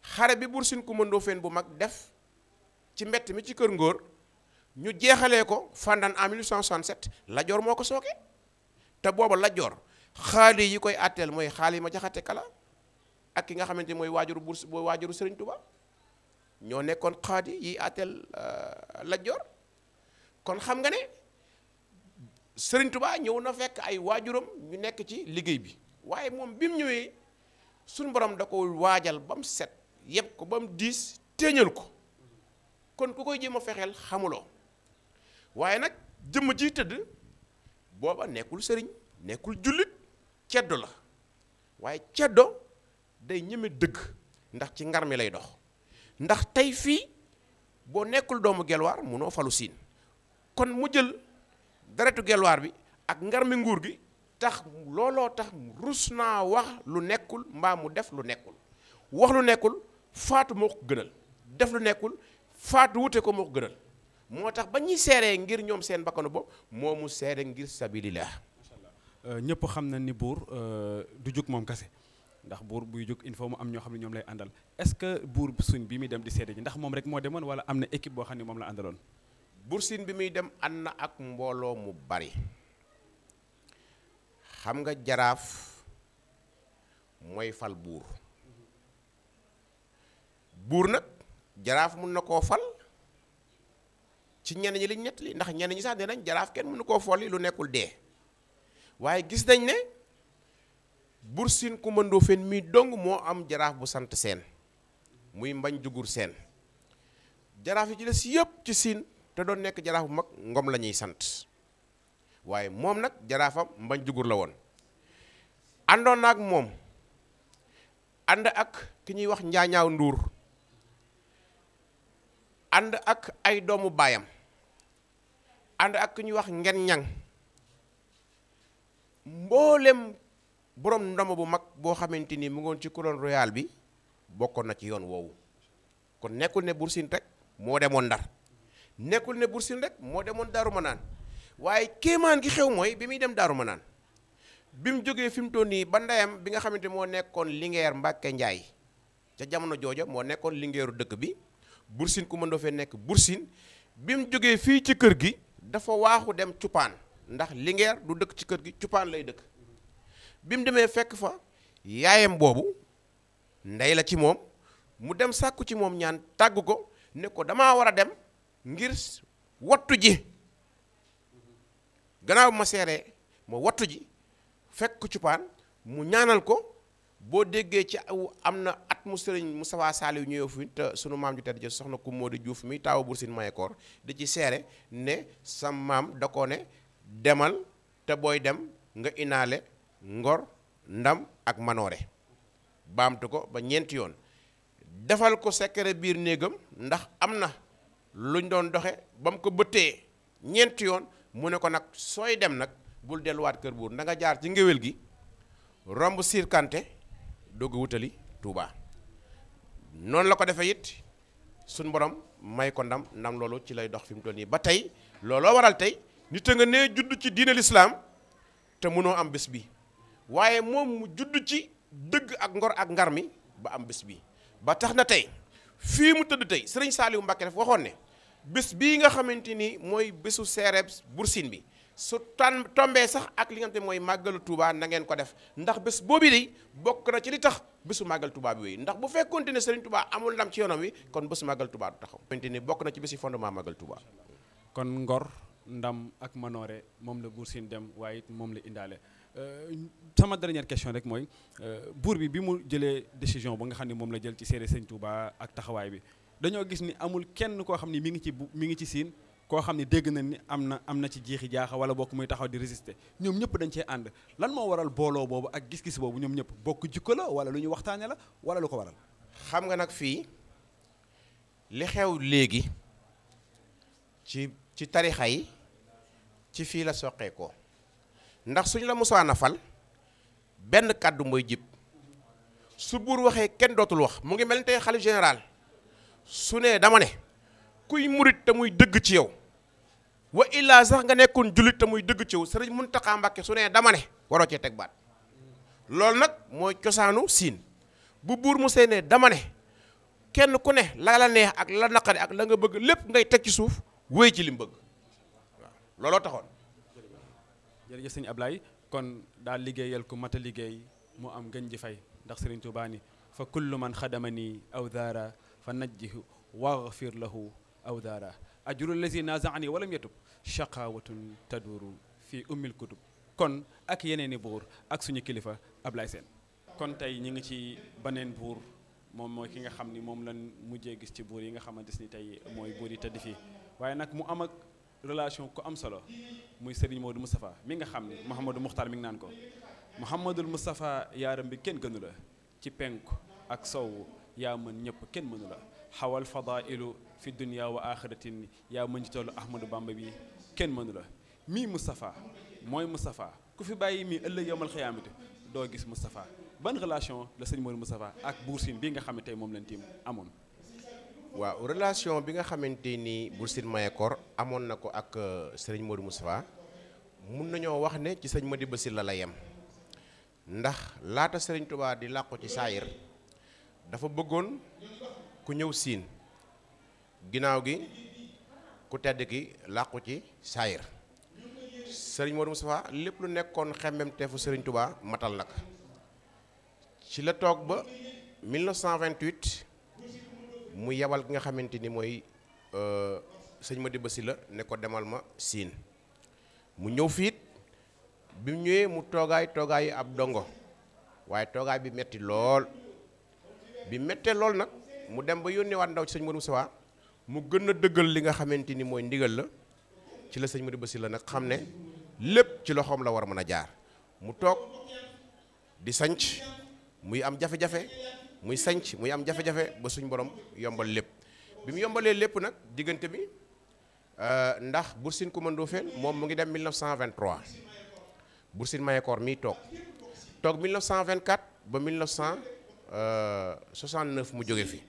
Speaker 2: xare bi Buur Sine Kumba Ndoofeen bu mag def ci mbett mi ci kër ngóor ñu jeexale ko fandaan en 1867 Lat Joor moo ko sooke te booba Lat Joor xaali yi koy àtteel mooy xaali ma jaxate kala ak ki nga xamante ni mooy waajuru Buur mooy waajuru Sëriñ Tuba ñoo nekkoon xaadi yi àtteel euh, Lat Joor kon xam nga ne sëriñ tubaa ñëw na fekk ay waajuram ñu nekk ci liggéey bi waaye moom bi mu ñëwee suñ borom da ko waajal ba mu set yëpp ko ba mu diis téeñal ko kon ku koy jéem a fexeel xamuloo waaye nag jëmm ji tëdd booba nekkul sëriñ nekkul jullit ceddo la waaye ceddo day ñeme dëgg ndax ci ngar mi lay dox ndax tey fii boo nekkul doomu gelwaar munoo falu siin kon mu jël deretu gelwaar bi ak ngar nguur gi tax looloo tax rus naa wax lu nekkul mbaa mu def lu nekkul wax lu nekkul faatu mu ko gënal def lu nekkul faatu wute ko moo ko gënal moo tax ba ñuy seeree ngir ñoom seen bakkanu bopp moo mu seere ngir sabilillah
Speaker 1: euh, ñëpp xam na ni buur euh, du jóg moom kase ndax buur buy jóg il faut mu am ñoo xam ne ñoom lay àndal est-ce que buur suñ bi muy dem
Speaker 2: di seede ji ndax moom rek moo demoon wala am na équipe boo xam ne moom la àndaloon bursin bi muy dem ànd na ak mbooloo mu bari xam nga jaraaf mooy fal buur buur nag jaraaf mun na koo fal ci ñenn ñi liñ nettali ndax ñenn ñi sax nee nañ jaraaf kenn mënu koo folli lu nekkul dee waaye gis nañ ne bursin Kumba Ndoofeen mii dong moo am jaraaf bu sant seen muy mbañ jugur seen jaraaf yi ci des yëpp ci siin te doon nekk jaraaf bu mag ngom la ñuy sant waaye moom nag jaraafam mbañ jugur la woon àndoon naag moom ànd ak ki ñuy wax njaañaaw nduur ànd ak ay doomu baayam ànd ak ki ñuy wax ngen ñang mboolem borom ndomo bu mag boo xamante ni mu ngoon ci couronne royale bi bokkoon na ci yoon woowu kon nekkul ne Buur Sine rek moo demoon Ndar nekkul ne Bur Sine rek moo demoon Daaru Manaan waaye kéemaan gi xew mooy bi muy dem Daaru Manaan bi mu jógee fi mu toll nii ba ndeyam bi nga xamante moo nekkoon Linguère mbàkke Ndiaye ca jamono jooja moo nekkoon Linguère dëkk bi Bur Sine mën mëndoo fee nekk Bur Sine bi mu jógee fii ci kër gi dafa waaxu dem Cupaan ndax Linguère du dëkk ci kër gi Cupaan lay dëkk bi mu demee fekk fa yaayam boobu ndey la ci moom mu dem sàkku ci moom ñaan tàgg ko ne ko dama war a dem ngir wattu ji gannaaw ma seeree ma wattu ji fekk cupaan mu ñaanal ko boo déggee ci aw am na at mu sëriñ Moustapha Saliou ñëw fi te sunu maam ju tedd ja soxna Kummoodi Diouf mi taawu Buur Siin Mayekoor di ci seere ne sa maam da ko ne demal te booy dem nga inaale ngor ndam ak manoore baamtu ko ba ñeenti yoon defal ko secret biir néegam ndax am na luñ doon doxe ba mu ko bëttee ñeenti yoon mu ne ko nag sooy dem nag bul delluwaat kër buur na jaar ci ngéwél gi romb sirkante dogg wutali tuuba noonu la ko defe it suñ borom may ko ndam ndam loolu ci lay dox fi mu toll nii ba tey looloo waral tey nit a nga nee judd ci diine lislaam te mënoo am bés bi waaye moom mu judd ci dëgg ak ngor ak ngar mi ba am bés bi ba tax na tey fii mu tëdd tey sëriñ Saaliwu Mbàkke daf waxoon ne bés bii nga xamante ni mooy bésu seereebs Boursin bi su tan tombee sax ak li nga mooy màggalu Touba na ngeen ko def ndax bés boobu de bokk na ci li tax bésu màggal Touba bi wéy ndax bu fekkoonte ne Serigne Touba amul ndam ci yoonam wi kon bésu màggal Touba du taxaw. xamante ni bokk na ci bési fondement màggal Touba. kon ngor ndam
Speaker 1: ak manoore moom la Boursin dem waaye moom la indaale. Euh, sama dernière question rek mooy euh, buur bi bi mu jëlee décision bu nga xam ne moom la jël ci seere Serigne Touba ak taxawaay bi. dañoo gis ni amul kenn koo xam ni mi ngi ci bu mi ngi ci siin koo xam ni dégg na ni am na am na ci jeexi jaaxa wala bokk muy taxaw di résister ñoom ñëpp dañ cee ànd lan moo waral booloo boobu ak gis-gis boobu
Speaker 2: ñoom ñëpp bokk jikko la wala lu ñu waxtaane la wala lu ko waral xam nga nag fii li xew léegi ci ci tarixa yi ci fii la soqee ko ndax suñu la mosaan a fal benn kàddu mooy jib su buur waxee kenn dootul wax mu ngi mel ni tey xalif général su nee dama ne kuy murit te muy dëgg ci yow wa illaa sax nga nekkoon jullit te muy dëgg ci yow sëriñ Muntaxa Mbàkke su nee dama ne waroo cee teg baat loolu nag mooy cosaanu siin bu buur mu seenee ne dama ne kenn ku ne la la neex ak la naqari ak la nga bëgg lépp ngay teg ci suuf wéy ci lim bëgg
Speaker 1: looloo taxoon. jërëjëf sëñ Ablaye kon daal liggéeyal ku mat a liggéey mu am gën ji fay ndax sëriñ Tuubaa ni fa kullu man xadama nii aw daara fa najjihu waghfir lahu aw daara ajru allazi nazaani walam yatub shaqawatun taduru fi ummil kutub kon ak yeneeni buur ak suñu kilifa Ablaye Sène kon tey ñi ngi ci beneen buur moom mooy ki nga xam ni moom lan mujjee gis ci buur yi nga xamante ni tey mooy buur yi tëdd fii waaye nag mu am ak relation ku am solo muy Serigne Modou Moustapha mi nga xam ni Mouhamadou Moukhtar mi ngi naan ko Mouhamadul Moustapha yaaram bi kenn gënu la ci penku ak sow yaa mën ñëpp kenn mënu la xawal fadailu fi dunia wa axiratin yaa mën ci tollu ahmadou bamba bi kenn mënu la mii moustapha mooy moustapha ku fi bàyyi mii ëllëg yowmal xiyaamati doo gis moustapha ban relation la sëñ Modou moustapha ak Buur bii nga xam ne tey moom lañ tiim amoon
Speaker 2: waaw relation bi nga xamante ni Buur Sine Mayakor amoon na ko ak euh, sëriñ Modou moustapha mun nañoo wax ne ci sëñ Modibo Sylla la yem ndax laata sëriñ Touba di làqu ci saayir dafa bëggoon ku ñëw siin ginnaaw gi ku tedd ki làqu ci saayir sëriñ Modou Moustapha lépp lu nekkoon xemmem teefu sëriñ Touba matal nag ci la toog ba 1928 mu yebal ki nga xamante ni mooy euh, sëñ ma Madiba Sylla ne ko demal ma siin mu ñëw fiit bi mu ñëwee mu toogaay toogaayu ab dongo waaye toogaay bi metti lool bi méttee loolu nag mu dem ba yónneewaat ndaw ci sëñ Modou Moussa mu gën a dëggal li nga xamante ni mooy ndigal la ci la sëñ Modou Bassirou la nag xam ne lépp ci loxoom la war a mën a jaar mu toog di sanc muy am jafe-jafe muy sanc muy am jafe-jafe ba suñ borom yombal lépp bi mu yombalee lépp nag diggante bi euh, ndax Boursine Koumandoo Fène moom mu ngi dem 1923 Boursine Mahécor mii toog toog 1924 ba 1900. 69 euh, mu jóge fi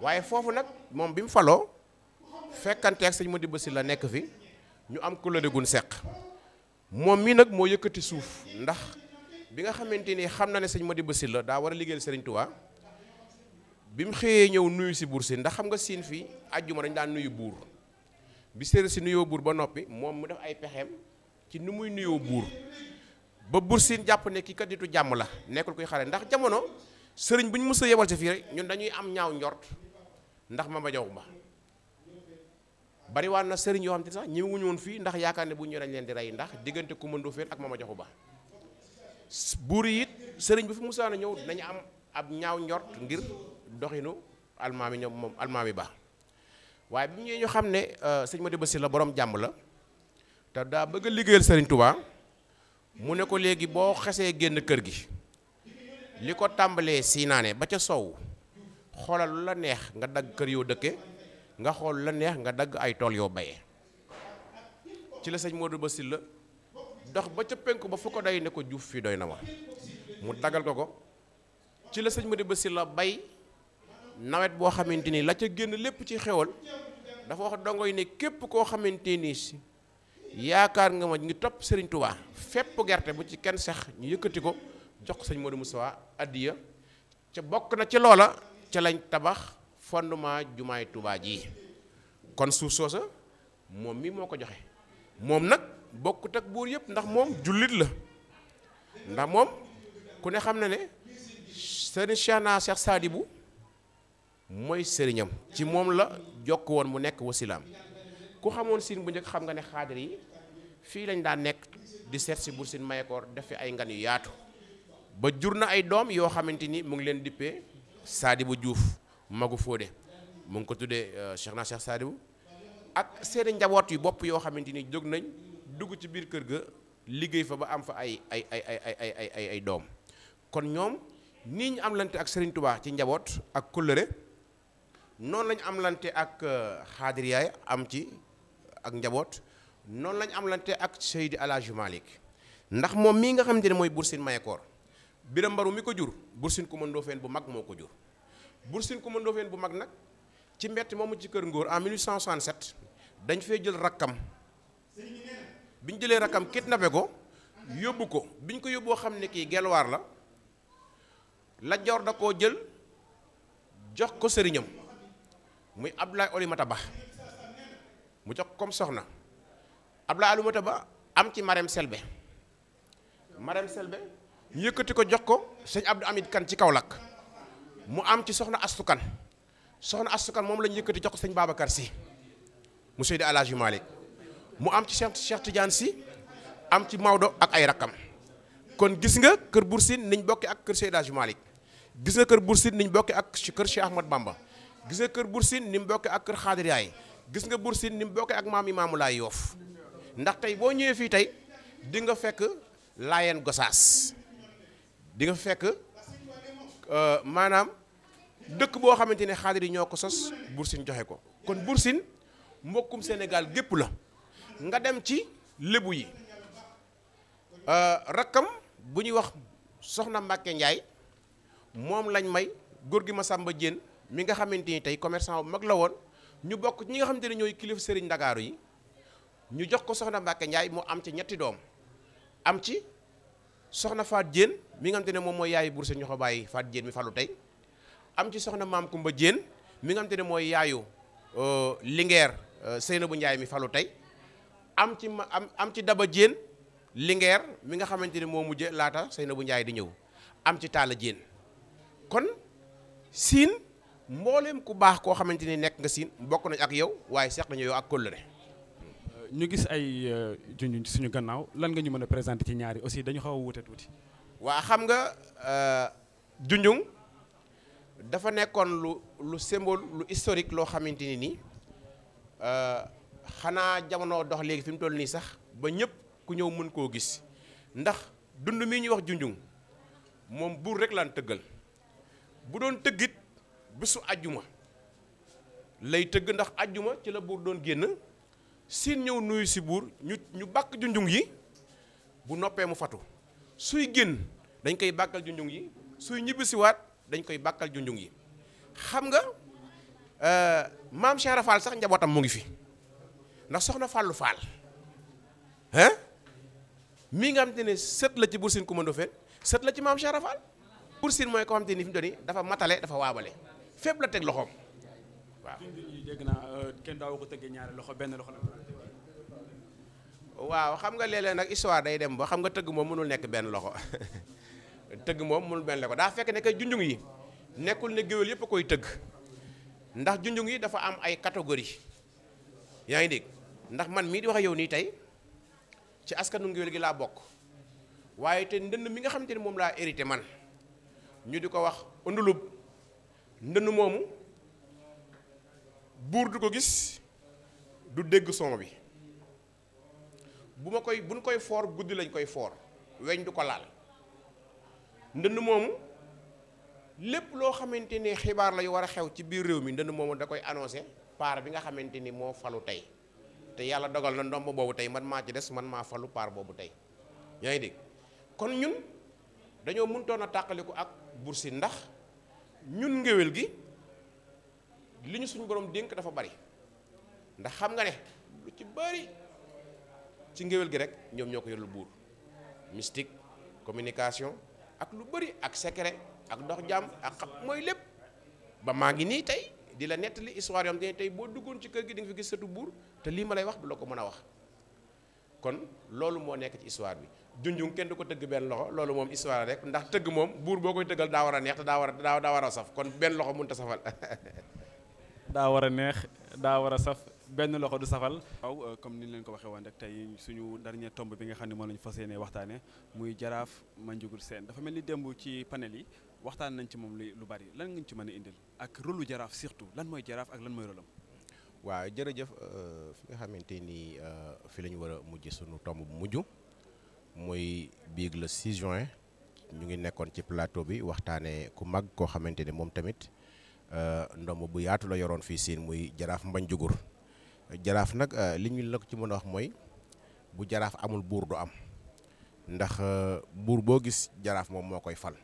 Speaker 2: waaye foofu nag moom bi mu faloo fekkante ak di Modibo la nekk fi ñu am kóllëre gun seq moom mii nag moo yëkkati suuf ndax bi nga xamante ni xam na ne sëñ Modibo la daa war a liggéeyal Sëriñ Tuubaa bi mu xëyee ñëw nuyu si buur si ndax xam nga siin fii àjjuma dañ daan nuyu buur bi séeréer si nuyoo buur ba noppi moom mu def ay pexeem ci ni muy nuyoo buur ba buur siin jàpp ne kii kat nitu jàmm la nekkul kuy xare ndax jamono sëriñ bu ñu mës a yebal ci fii rek ñun dañuy am ñaaw njort ndax ma Jaw Ba bari waan na sëriñ yoo xam te sax ñëwuñu woon fii ndax yaakaar ne bu ñu dañ leen di rey ndax diggante Coumba Ndoffène ak Maba Jaw Ba buur yi it sëriñ bi fi musaa na ñëw dañu am ab ñaaw njort ngir doxinu almaami ñoom moom almaami ba waaye bi ñu ñu xam ne euh, sëñ Madiba Sylla la borom jàmm la te daa bëgg a liggéeyal sëriñ tubaa mu ne ko léegi boo xesee génn kër gi li ko tàmbalee siinaane ba ca sow xoolal lu la neex nga dagg kër yoo dëkke nga xool lu la neex nga dagg ay tool yoo baye ci la sëñ Modou Basile la dox ba ca penku ba fu ko day ne ko juuf fii doy na ma mu dagal ko ko ci la sëñ Modou Basile la bay nawet boo xamante ni la ca génn lépp ci xewal dafa wax dongo yi ne képp koo xamante ni si yaakaar nga ma ñu topp Serigne Touba fépp gerte bu ci kenn sax ñu yëkkati ko jox ko sëñ Modou Moustapha addiya ca bokk na ci loola ca lañ tabax fondement jumaay Touba ji kon suuf soosa moom mi moo ko joxe moom nag bokkut ak buur yëpp ndax moom jullit la ndax moom ku ne xam na ne sëriñ Cheikh naa Cheikh Sadibou mooy sëriñam ci moom la jokk woon mu nekk wasilaam ku xamoon siin bu njëkk xam nga ne xaadir yi fii lañ daan nekk di seet si buur siin mayekoor def ay ngan yu yaatu ba jur na ay doom yoo xamante ni mu ngi leen dippee Sadibou juuf magu Fodé mu ngi ko tuddee euh, Cheikh na Cheikh Sadibou ak seeni njaboot yu bopp yoo xamante ni jóg nañ dugg ci biir kër ga liggéey fa ba am fa ay ay ay ay ay ay ay doom kon ñoom nii ñu amlante ak Serigne tubaax ci njaboot ak kóllëre noonu lañu am lante ak xaadiriyaay euh, am ci ak njaboot noonu lañu am lante ak Seydi Alaaji Malick ndax moom mii nga xamante ne mooy Buur Sine Mahécor Biram Mbaru mi ko jur Bursine Coumba Ndofféne bu mag moo ko jur Bursine Coumba Ndofféne bu mag nag ci mbett moomu ci kër ngóor en 1867 dañ fee jël rakkam bi ñu jëlee rakkam kidnappé ko yóbbu ko bi ñu ko yóbboo xam ne kii gelwaar la Lat Joor da koo jël jox ko sëriñam muy Abdoulaye Olimata Ba mu jox comme soxna Abdoulaye Olimata Ba am ci Marème Selbe Marème Selbe ñu yëkkati ko jox ko sëñ Abdou Hamid kan ci Kaolack mu am ci soxna Astou Kane soxna Astou Kane moom la yëkkati jox ko sëñ Babacar si mu Seydi El Hadji Malick mu am ci Cheikh Cheikh Tidiane Sy am ci Maodo ak ay rakkam kon gis nga kër Boursine niñ bokkee ak kër Seydi El Hadji Malick gis nga kër Boursine niñ bokkee ak kër Cheikh Ahmad Bamba gis nga kër Boursine ni mu ak kër Xaadir Yaay gis nga Boursine ni mu bokkee ak maam Imaamu Laay Yoof ndax tey boo ñëwee fii tey di nga fekk Laayeen Gosaas dinga nga fekk euh, maanaam dëkk boo xamante ne xaadir yi ñoo ko sos Boursine joxe ko kon Boursine mbokkum Sénégal gépp la nga dem ci lébu yi euh, rakkam bu ñuy wax soxna Mbacke Ndiaye moom lañ may góor gi ma Massamba Diène mi nga xamante ni tey commerçant bu mag la woon ñu bokk ñi nga xamante ne ñooy kilifa sëriñ Ndakaaru yi ñu jox ko soxna Mbacke Ndiaye mu am ci ñetti doom am ci soxna Faat Diène mi nga xam te ne moom mooy yaayu bàyyi Fatou Diène mi falu tey am ci soxna maam Kumba Diène mi nga xam te ne mooy yaayu euh, Linguère euh, Seynabou mi falu tey am ci ma am ci Daba Diène Linguère mi nga xamante ne moo mujj laata bu njaay di ñëw am ci taala Diène kon siin mbooleem ku baax koo xamante ni nekk nga siin bokk nañ ak yow waaye seq nañu yow ak kóllëre euh, ñu gis ay
Speaker 1: junjuñ ci suñu gannaaw lan nga ñu mën a présenter ci ñaari aussi dañu xaw a wuute tuuti
Speaker 2: waa xam nga euh, junjung dafa nekkoon lu lu symbole lu historique loo xamante ni nii euh, xanaa jamono dox léegi fi mu nii sax ba ñëpp ku ñëw mën koo gis ndax dund mii ñuy wax junjung moom buur rek laan tëggal bu doon tëggit bésu ajjuma lay tëgg ndax ajjuma ci la buur doon génn siin ñëw nuyu si buur ñu ñu bàkk junjung yi bu noppee mu fatu suy génn dañ koy bàkkal junjung yi suy ñibbisiwaat dañ koy bàkkal junjung yi xam nga euh, maam Cheikh Fall sax njabootam mu ngi fi ndax soxna Fallou Fall ah mi nga xam te ne sët la ci Buur Sine Coumba Ndoffène sët la ci maam Cheikh Fall Buur Sine mooy koo xam te ni fi mu dafa matale dafa waabale fépp la teg loxoom waaw. Euh, kenn daawu ko tëggee ñaari loxo benn loxo la. waaw xam nga léeg-léeg nag histoire day dem ba xam nga tëgg moom mënul nekk benn loxo [laughs] tëgg moom mënul benn loxo daa fekk ne kay yi nekkul ne géwél yëpp koy tëgg ndax junjung yi dafa am ay catégorie yaa ngi dégg ndax man mii di wax yow nii tey ci askanu géwél gi laa bokk waaye te ndënd mi nga xam te moom laa hérité man ñu di ko wax undulub ndënd moomu buur du ko gis du dégg son bi bu ma koy buñ koy foor guddi lañ koy foor weñ du ko laal ndënd moomu lépp loo xamante ni xibaar la yu war a xew ci biir réew mi ndënd moomu da koy annoncé par bi nga xamante ni moo falu tey te yàlla dogal na ndomb boobu tey man maa ci des man maa falu par boobu tey yaa ngi dégg kon ñun dañoo mëntoon a tàqaliku ak bursi ndax ñun ngéwél gi li ñu suñu borom dénk dafa bari ndax xam nga ne lu ci bari ci ngéwél gi rek ñoom ñoo ko yorul buur mystique communication ak lu bëri ak secret ak dox jàmm ak xam mooy lépp ba maa ngi nii tey di la nettali histoire yom te tey boo duggoon ci kër gi di nga fi gis sëtu buur te lii ma lay wax du la ko mën a wax kon loolu moo nekk ci histoire bi junjung kenn du ko tëgg benn loxo loolu moom histoire rek ndax tëgg moom buur boo koy tëggal daa war a neex te daa war a daa war a saf kon benn loxo mënut a safal [laughs] daa war a neex daa war a saf benn loxo du safal.
Speaker 1: waaw euh, comme ni leen ko waxee woon rek tey suñu dernier tomb bi nga xam ne moom lañu fa fas yéene waxtaanee muy jaraaf Mandiougour Sène dafa mel ni démb ci panel yi waxtaan nañ ci moom lu bari lan nga ci mën a indil ak rôle jaraaf surtout lan mooy jaraaf ak lan
Speaker 2: mooy rôle am. waaw jërëjëf euh, fi nga xamante ni euh, fi la ñu war a mujj suñu tomb bu mujj muy biig le 6 juin ñu ngi nekkoon ci plateau bi waxtaanee ku mag koo xamante ni moom tamit ndomb bu yaatu la yoroon fii siin muy jaraaf Mandiougour. jaraaf nag euh, li ñu la ci mën a wax mooy bu jaraaf amul buur du am ndax euh, buur boo gis jaraaf moom moo koy fal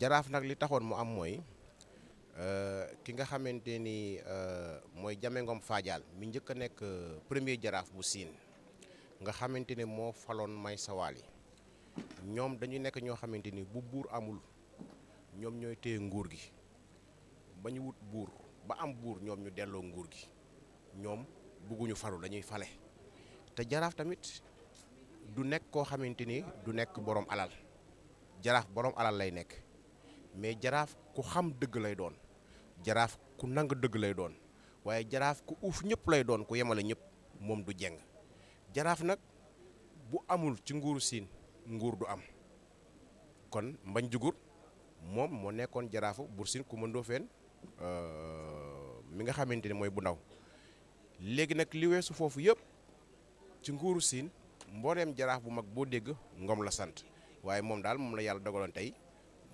Speaker 2: jaraaf nag li taxoon mu am mooy euh, ki nga xamante ni mooy Jame Ngom Fadial mu njëkk a nekk premier jaraaf bu siin nga xamante ni moo faloon Maysa yi ñoom dañu nekk ñoo xamante ni bu buur amul ñoom ñooy téye nguur gi ba ñu wut buur ba am buur ñoom ñu delloo nguur gi ñoom bugguñu faru lañuy fale te jaraaf tamit du nekk koo xamante ni du nekk borom alal jaraaf borom alal lay nekk mais jaraaf ku xam dëgg lay doon jaraaf ku nang dëgg lay doon waaye jaraaf ku uuf ñëpp lay doon ku yemale ñëpp moom du jeng jaraaf nag bu amul ci nguur siin nguur du am kon mbañ jugur moom moo nekkoon jaraafu Buur Siin Kumba Ndoofeen euh, mi nga xamante ni mooy bu ndaw léegi nag li weesu foofu yëpp ci nguuru siin mbooleem jaraax bu mag boo dégg ngoom la sant waaye moom daal moom la yàlla dogaloon tey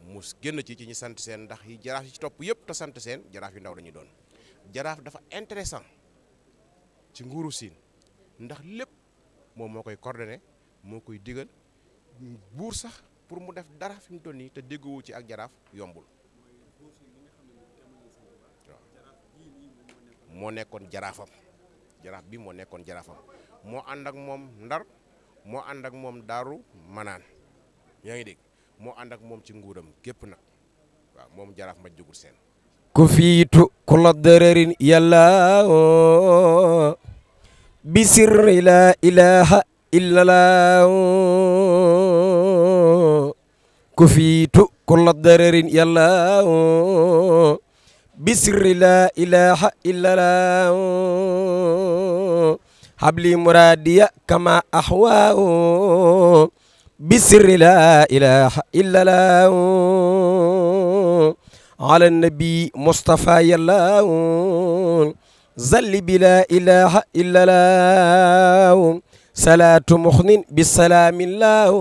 Speaker 2: mu génn ci ci ñu sant seen ndax yi jaraaf yi ci topp yëpp te sant seen jaraaf yu ndaw lañu doon jaraaf dafa intéressant ci nguuru siin ndax lépp moom moo koy coordonné moo koy digal buur sax pour mu def dara fi mu toll nii te déggowu ci ak jaraaf yombul waaw moo nekkoon jaraafam jaraaf bi moo nekkoon jaraafam moo ànd moom ndar moo ànd moom daaru manaan yaa ngi dégg moo ànd moom ci nguuram gépp nag waaw moom jaraaf ma jugul seen
Speaker 3: ku fiitu ku la dërërin yalla o la ilaha illa la ku fiitu ku la bisri la ilaha illallah habli muradiya kama ahwa bisri la ilaha illallah ala nabi mustafa yallah zalli bi la ilaha illallah salatu mukhnin bisalamin lah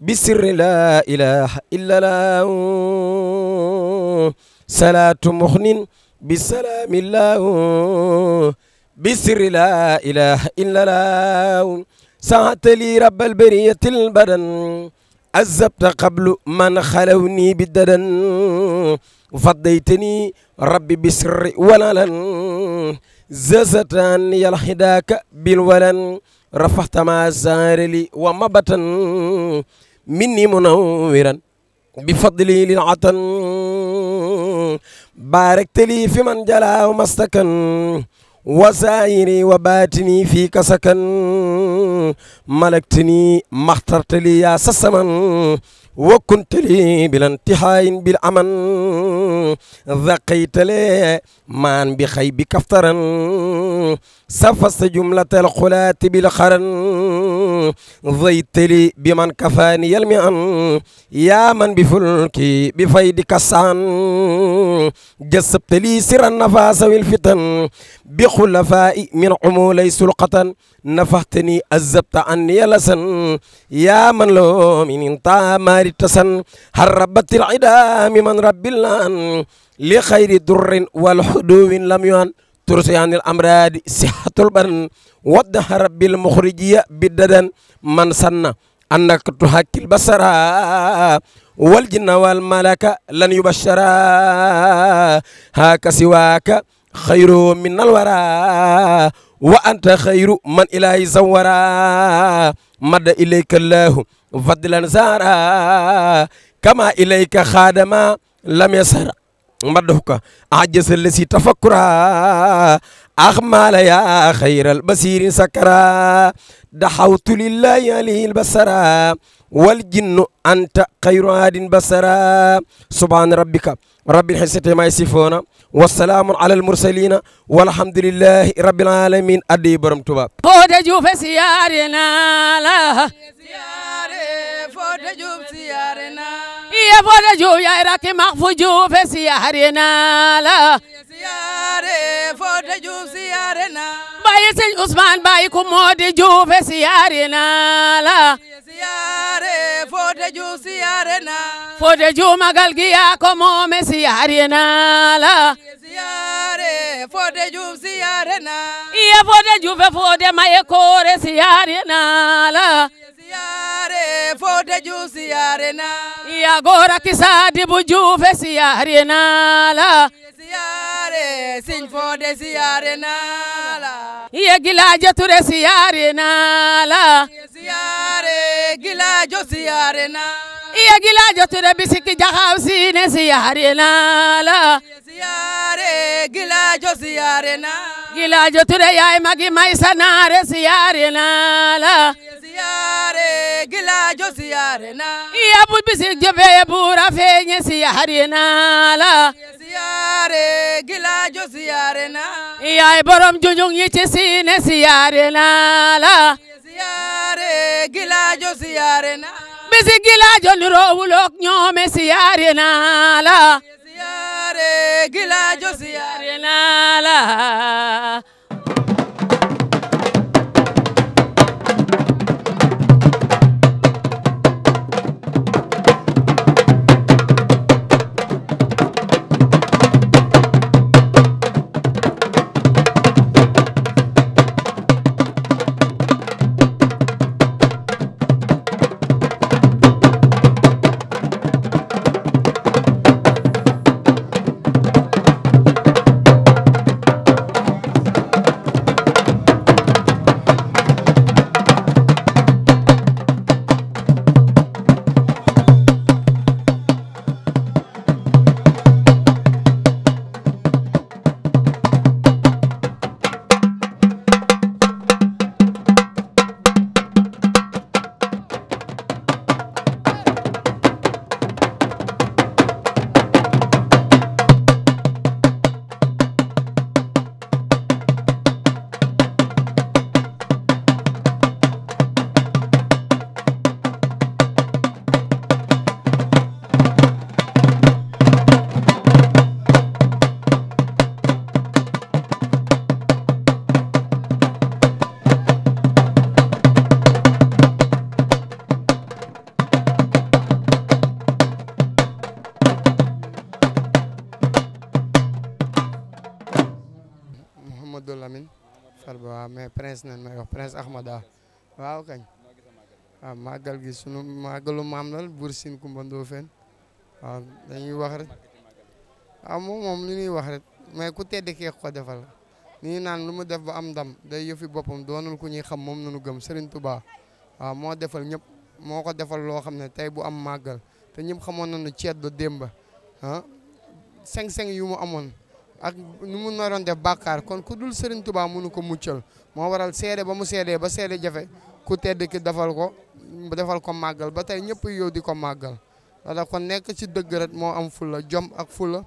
Speaker 3: bisri la ilaha illallah salaatu muxnin bi salaami laahu bi sirri laa ilaaha illa laahu saatali rabbal bariyatil badan azabta qablu man xalaw nii bi dadan faddaytani rabbi bi sirri walalan zazataan yalxidaaka bil walan rafaxtama zaareli wa mabatan minni munawwiran bi fadli lil atan باركت لي في من جلا ومستكا وسائري وباتني فيك سكا ملكتني ما اخترت لي يا سسما وكنت لي بلا انتهاء بالأمن ذقيت لي مان بخيبك افترا سفست جملة الخلات بالخرن ضيت لي بمن كفاني المئن يا من بفلكي بفيد كسان جسبت لي سر النفاس والفتن بخلفاء من عمولي سلقة نفحتني الزبت عني لسن يا من لو من تامار التسن هربت العدام من رب اللان لخير در والحدو لم يان tursiyaanil amraadi sihatul badan waddaha rabbil mukhrijiya biddadan man sanna annaka tuhakkil basara wal jinna wal malaka lan yubashara haka siwaka khayru minal wara wa anta khayru man ilahi zawara madda ilayka allahu fadlan zara kama ilayka khadama lam yasara مدحك عجز الذي تفكرا أخمال يا خير البصير سكرا دحوت لله يلي البصرا والجن أنت خير هاد بصرا سبحان ربك رب العزة ما يصفون والسلام على المرسلين والحمد لله رب العالمين أدي برم تبا
Speaker 4: فود جوف سيارنا لا فود جوف سيارنا ye fo da juuf yaay rakki max fu juufe si yaar ye naa la bàyyi sëñ Ousmane bàyyi ko moo di juufe siyaare naa la
Speaker 5: Fodé Diouf siyaare naa
Speaker 4: Fodé Diouf magal gi yaa ko moome siyaare naa la
Speaker 5: Fodé Diouf siyaare naa
Speaker 4: iye Fodé Diouf e Fodé maye koore siyaare naa la Fodé Diouf siyaare naa iya goora kisaadi bu Diouf siyaare naa la Sëñ Fodé siyaare naa la. iye Gilaajo Touré siyaare jaxaaw siine siyaare naa la. siyaare Gilaajo siyaare yaay magi may sanaare siyaare naa la.
Speaker 5: jo siyaare naa
Speaker 4: iya bu bisi jofee buura feeñe siyaare naa la siyaare
Speaker 5: gila jo siyaare naa
Speaker 4: iyaay borom junjung yi ci siine naa la
Speaker 5: siyaare gila jo
Speaker 4: siyaare naa bisi gila jo nuroowulook naa la siyaare gila jo siyaare naa la
Speaker 6: waaw ah, màggal gi sunu màggalu maam la Buur Sine Kumba Ndoofeen waaw ah, dañuy wax rek waaw ah, moom moom li ñuy wax rek mais ku tedd kee ko defal nii naan lu mu def ba am ndam day yëfi boppam doonul ku ñuy xam moom nanu gëm Serigne Touba waaw moo defal ñëpp moo ko defal loo xam ne tey bu am màggal te ñëpp xamoon nañu ceet ba démb ah cinq-cinq yu mu amoon ak nu mu naroon def bàkkaar kon ku dul Serigne Touba mënu ko muccal moo waral seede ba mu seedee ba seede jafe ku tedd ki defal ko defal ko màggal ba tey ñëpp yow di ko màggal wala kon nekk ci dëgg rek moo am fulla jom ak fulla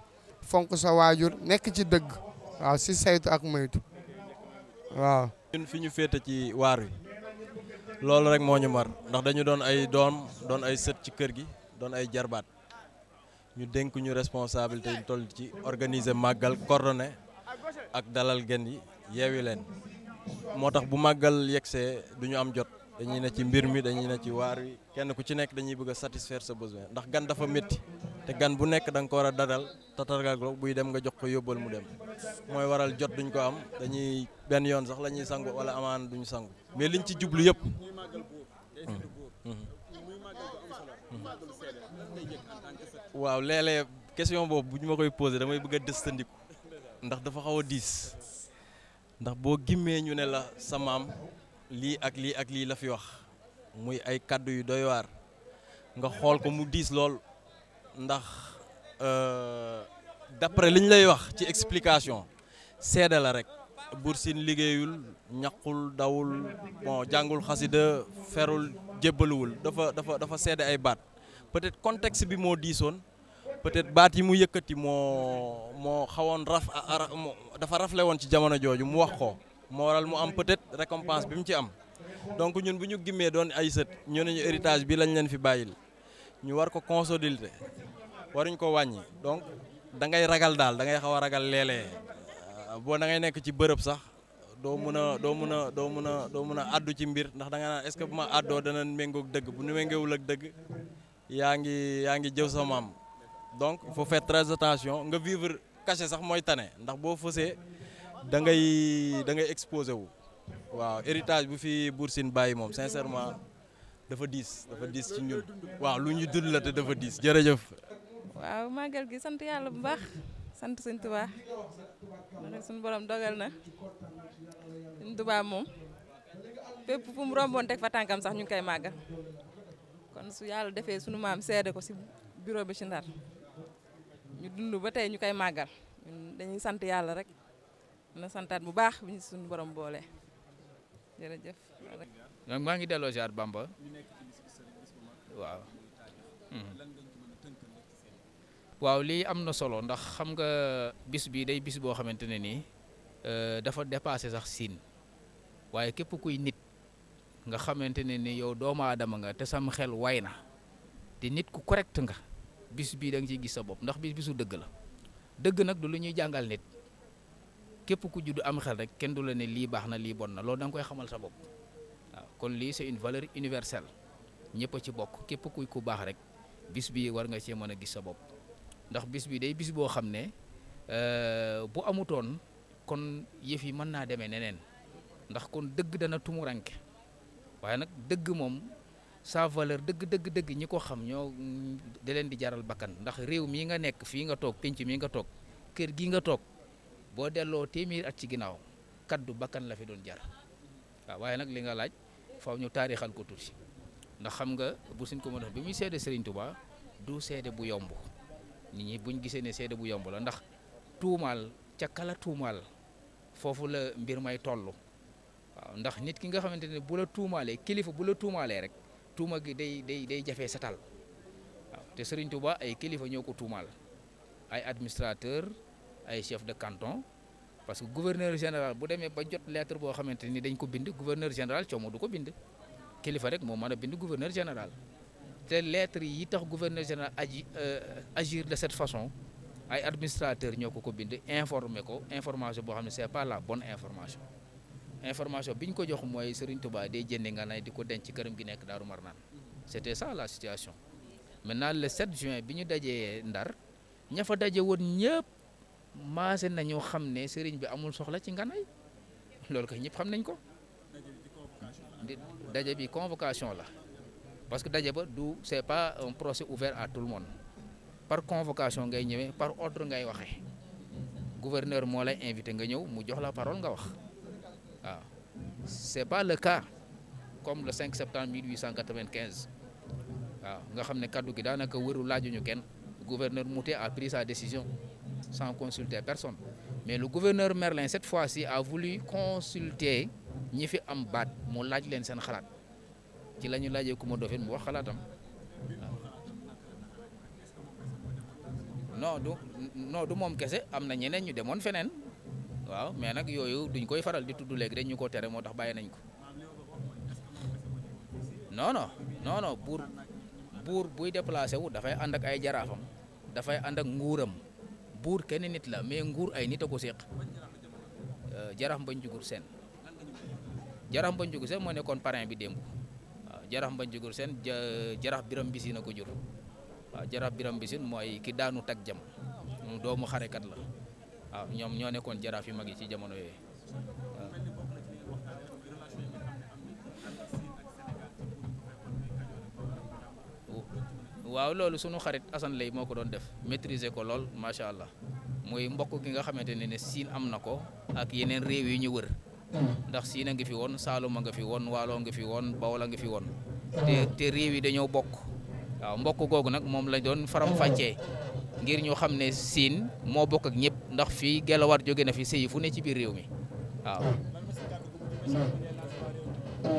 Speaker 6: fonk sa waajur nekk ci dëgg waaw si saytu ak moytu waaw.
Speaker 7: ñun fi ñu féete ci waar wi loolu rek moo ñu mar ndax dañu doon ay doom doon ay sët ci kër gi doon ay jarbaat ñu dénk ñu responsabilité yi toll ci organiser màggal coordonné ak dalal gan yi yeewi leen. moo tax bu màggal yegsee du ñu am jot dañuy ne ci mbir mi dañuy ne ci waar wi kenn ku ci nekk dañuy bëgg a satisfaire sa besoin ndax gan dafa métti te gan bu nekk danga ko war a dadal tatargal ko buy dem nga jox ko yóbbal mu dem mooy waral jot duñ ko am dañuy benn yoon sax lañuy ñuy sangu wala amaan duñu sangu mais liñ ci jublu yëpp. waaw léeg question boobu bu ñu ma koy posé damay bëgg a dëstandiku ndax dafa xaw a diis. ndax boo gimmee ñu ne la sa maam lii ak lii ak lii la fi wax muy ay kàddu yu doy waar nga xool ko mu diis lool ndax euh, d'après liñ lay wax ci explication seede la rek Bour Sine liggéeyul ñaqul dawul bon jàngul xasida ferul jébbaluwul dafa dafa dafa seede ay baat peut-être contexte bi moo diisoon peut-être baat yi mu yëkkati moo moo xawoon raf dafa rafle woon ci jamono jooju mu wax ko moo waral mu am peut-être récompense bi mu ci am donc ñun bu ñu gimmee doon ay sët ñu ne ñu héritage bi lañ leen fi bàyyil ñu war ko consolider waruñ ko wàññi donc da ngay ragal daal da ngay xaw a ragal léeg-léeg euh, boo da nekk ci bërëb sax doo mun a doo mun a doo mun a doo mun a addu ci mbir ndax da naan est-ce que bu ma addoo dana méngoog dëgg bu nu méngoowul ak dëgg yaa ngi yaa ngi jëw sa maam donc il faut faire très attention nga vivre caché sax mooy tane ndax boo fësee da ngay da ngay exposé wu waaw héritage bu fi Bour Sine bàyyi moom sincèrement dafa diis dafa diis ci ñun waaw lu ñu dund la te dafa diis jërëjëf.
Speaker 5: waaw màggal gi sant yàlla bu baax sant sëñ Tuubaa nag suñu borom na sëñ moom fépp fu mu romboon teg fa tànkam sax ñu ngi koy kon su yàlla defee suñu maam seede ko si bureau bi ci Ndar. ñu dund ba tey ñu koy màggal ñun dañuy sant yàlla rek na santaat bu baax bi ñu suñu borom boole jërëjëf.
Speaker 8: donc ngi delloo ziar Bamba. waaw. Hmm. waaw lii am na solo ndax xam nga bis bi day bis boo xamante ne nii euh, dafa dépassé sax siin waaye képp kuy nit nga xamante ne ni yow doomu aadama nga te sam xel way na te nit ku correct nga. bis bii da nga ciy gis sa bopp ndax bis bisu dëgg nag du lu ñuy jàngal nit képp ku judd am xel rek kenn du la ne lii baax na lii na loolu da koy xamal sa bopp waaw kon lii c'est une valeur universelle ñëpp a ci bokk képp kuy ku baax rek bis bi war nga cee mën a gis sa bopp ndax bis bi day bis boo xam ne euh, bu amutoon kon yëf yi mën naa demee neneen ndax kon dëgg dana tumuranke waaye nag dëgg moom sa valeur dëgg dëgg dëgg ñi ko xam ñoo da leen di jaral bakkan ndax réew mii nga nekk fii nga toog penc mii nga toog kër gii nga toog boo delloo téeméer at ci ginnaaw kaddu bakkan la fi doon jar waaw waaye nag li nga laaj faw ñu taarixal ko tuuti ndax xam nga bu suñ ko mën bi muy seede Serigne Touba du seede bu yomb nit ñi buñ gisee ne seede bu yomb la ndax tuumaal ca kala tuumaal foofu la mbir may toll waaw ndax nit ki nga xamante ne bu la tuumaalee kilifa bu la tuumaalee rek. tuuma gi day day day jafee setal waaw te Serigne Touba ay kilifa ñoo ko tuumaal ay administrateur ay chef de canton parce que gouverneur général bu demee ba jot lettre boo xamante ni dañ ko bind gouverneur général coomo du ko bind kilifa rek moo man a bind gouverneur général te lettre yi tax gouverneur général aji euh, agir de cette façon ay administrateur ñoo ko ko bind informé ko information boo xam ne c'est pas la bonne information information bi ñu ko jox mooy Serigne Touba day jëndi nga nay di ko denc këram gi nekk Daaru Marnaan c'était ça la situation maintenant le 7 juin bi ñu dajee Ndar ña fa daje woon ñëpp maase nañu xam ne Serigne bi amul soxla ci nganay loolu kay ñëpp xam nañ ko daje bi convocation la parce que daje ba du c'est pas un procès ouvert à tout le monde par convocation ngay ñëwee par ordre ngay waxee gouverneur moo lay invité nga ñëw mu jox la parole nga wax ce n'est le cas comme le 5 septembre 1895 waaw nga xam ne kaddu gi daanaka wëru laajuñu kenn gouverneur Moutet a pris sa décision sans consulter personne mais lu gouverneur Merlin cette fois-ci a voulu consulter ñi fi am baat mu laaj leen seen xalaat ci la laajee ku ma dofin mu wax xalaatam waaw du moom kese am na ñeneen ñu demoon feneen waaw mais nag yooyu duñ koy faral di tudd léegi dañ ñu ko tere moo tax bàyyi nañ ko non non buur buur buy déplacé wu dafay ànd ak ay jaraafam dafay ànd ak nguuram buur kenn nit la mais nguur ay nit a ko séq euh, jaraaf mbañ jugur seen jaraaf mbañ jugur seen moo nekkoon parrain bi démb waaw jaraaf mbañ jugur seen jaraaf biram bisin a ko jur waaw jaraaf biram bisin mooy ki daanu tag jam doomu xarekat la waaw ah, ñoo nekkoon jaraaf yu mag yi ci jamono yooyu loolu sunu xarit Assane lay moo ko doon def maîtriser ko lool macha allah mooy mbokk gi nga xamante ne ne siin am na ko ak yeneen réew yi ñu wër ndax siin a ngi fi woon Saalum a nga fi woon Waalo nga fi woon Bawol a nga fi woon te te réew yi dañoo bokk waaw mbokk googu nag moom la doon faram ngir ñu xam ne siin moo bokk ak ñëpp ndax fii gelawaar jóge na fi sëyi fu ne ci biir réew mi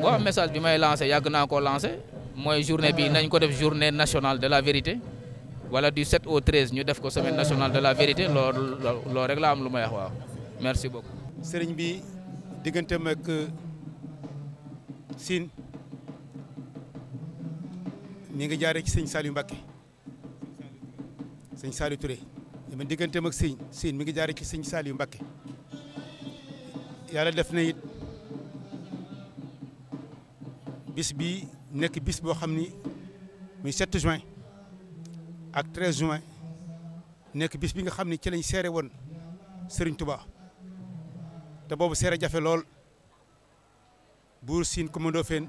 Speaker 8: waaw. message bi may lancé yàgg naa ko lancé mooy journée bi nañ ko def journée nationale de la vérité wala du 7 au 13 ñu def ko semaine nationale de la vérité loolu loolu rek la am lu may wax waaw merci
Speaker 6: beaucoup. sëriñ bi diggante ak euh, siin mi ngi jaaree ci sëñ Saliou Mbacké. sëñ Saliou Touré dama digganteem ak sëñ sëñ mi ngi jaare ci sëñ Saliou Mbacké yàlla def na it bis bi nekk bis boo xam ni muy 7 juin ak 13 juin nekk bis bi nga xam ni ci lañ seere woon Serigne Touba te boobu seere jafe lool buur siin commando fen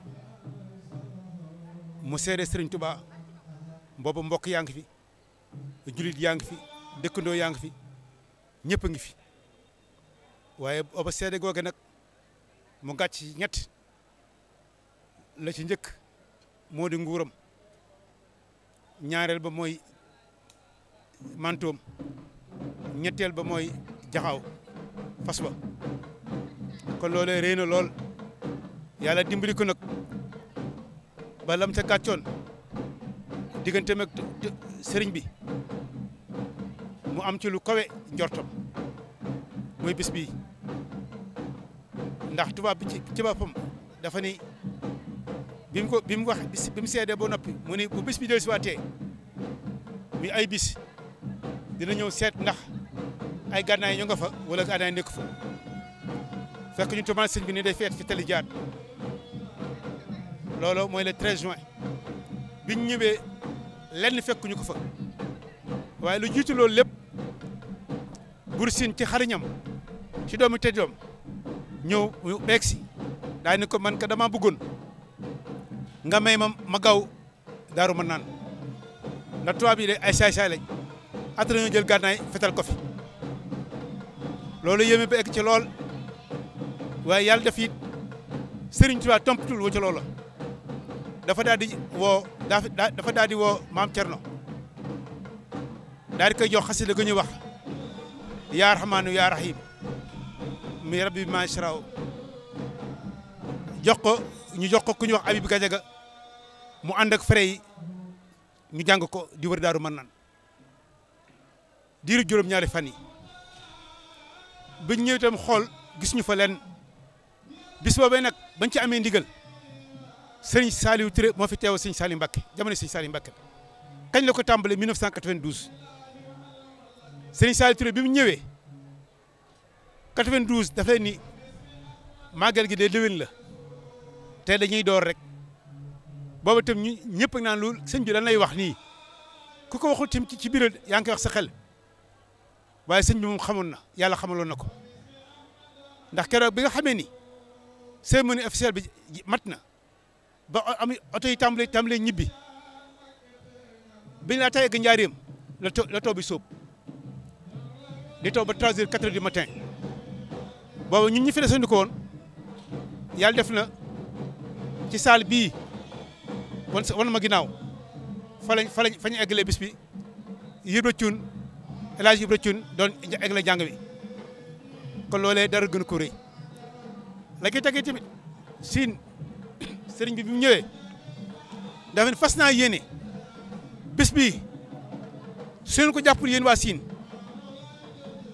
Speaker 6: mu seere Serigne Touba boobu mbokk yaa ngi fi jullit yaa ngi fi dëkkandoo yaa ngi fi ñëpp a ngi fi waaye booba seede googe nag mu gàcc ñett la ci njëkk moodi nguuram ñaareel ba mooy mantoom ñetteel ba mooy jaxaw fas ba kon loolee rëy na lool yàlla dimbali ko nag ba lam ca gàccoon digganteem ak sëriñ bi mu am ci lu kawe njortam mooy bis bii ndax tubaab bi ci ci boppam dafa ni bi mu ko bi mu wax bi mu seedee ba noppi mu ni bu bis bi dellusiwaatee muy ay bis dina ñëw seet ndax ay gànnaay ñu nga fa wala gànnaay nekk fa fekk ñu tubaab sëñ bi ni day feet fi tali jaat loolu mooy le 13 juin biñ ñëwee. lenn fekkuñu ko fa waaye lu jiitu loolu lépp Buur ci xariñam ci doomi te doom ñëw mu beeg si ko man ka dama bëggoon nga may ma ma daaru ma naan ndax tubaab yi de ay saay-saay lañ at nañoo jël gànnaay fetal ko fi loolu yéeme ba egg ci lool waaye yàlla def it Sëriñ Tuubaa tompatul wa ci loola dafa daal di woo dafa daal di woo maam Thierno daal di koy jox xasida gu ñuy wax yaa rahmaanu yaa rahim mi rabbi ma shraaw jox ko ñu jox ko ku ñuy wax Habib Gadiaga mu ànd ak ñu jàng ko di wër daaru mën naan diiru juróom-ñaari fan yi biñ ñëw xool gis ñu fa leen bis boobee nag bañ ci amee ndigal sëriñ Saliou Touré moo fi teewal sëriñ Saliou Mbacké jamono sëriñ Saliou Mbacké kañ la ko tàmbalee 1992 sëriñ Saliou Touré bi mu ñëwee 92 daf ni màggal gi de déwén la te dañuy door rek booba itam ñu ñëpp naan loolu sëñ bi lan lay wax nii ku ko waxul tim ci biir yaa ngi wax sa xel waaye sëñ bi moom xamoon na yàlla xamaloon na ko ndax keroog bi xamee ni cérémonie officielle bi mat na. ba am oto yi tàmbali tàmbali ñibbi biñ laa tay ak njaareem la taw la bi sob di taw ba 3 heures 4 heures du matin ñi fi desandi ko woon yàlla def na ci salle bii wan wan ma ginnaaw fa lañ fa lañ fa ñu eggalee bis bi Ibra Cuun El Hadj Ibra Cuun doon eggale jàng bi kon loolee dara gën ko la ki tegee siin sëriñ bi bi mu ñëwee dafa ne fas naa yéene bés bii su ko jàppul yéen waa siin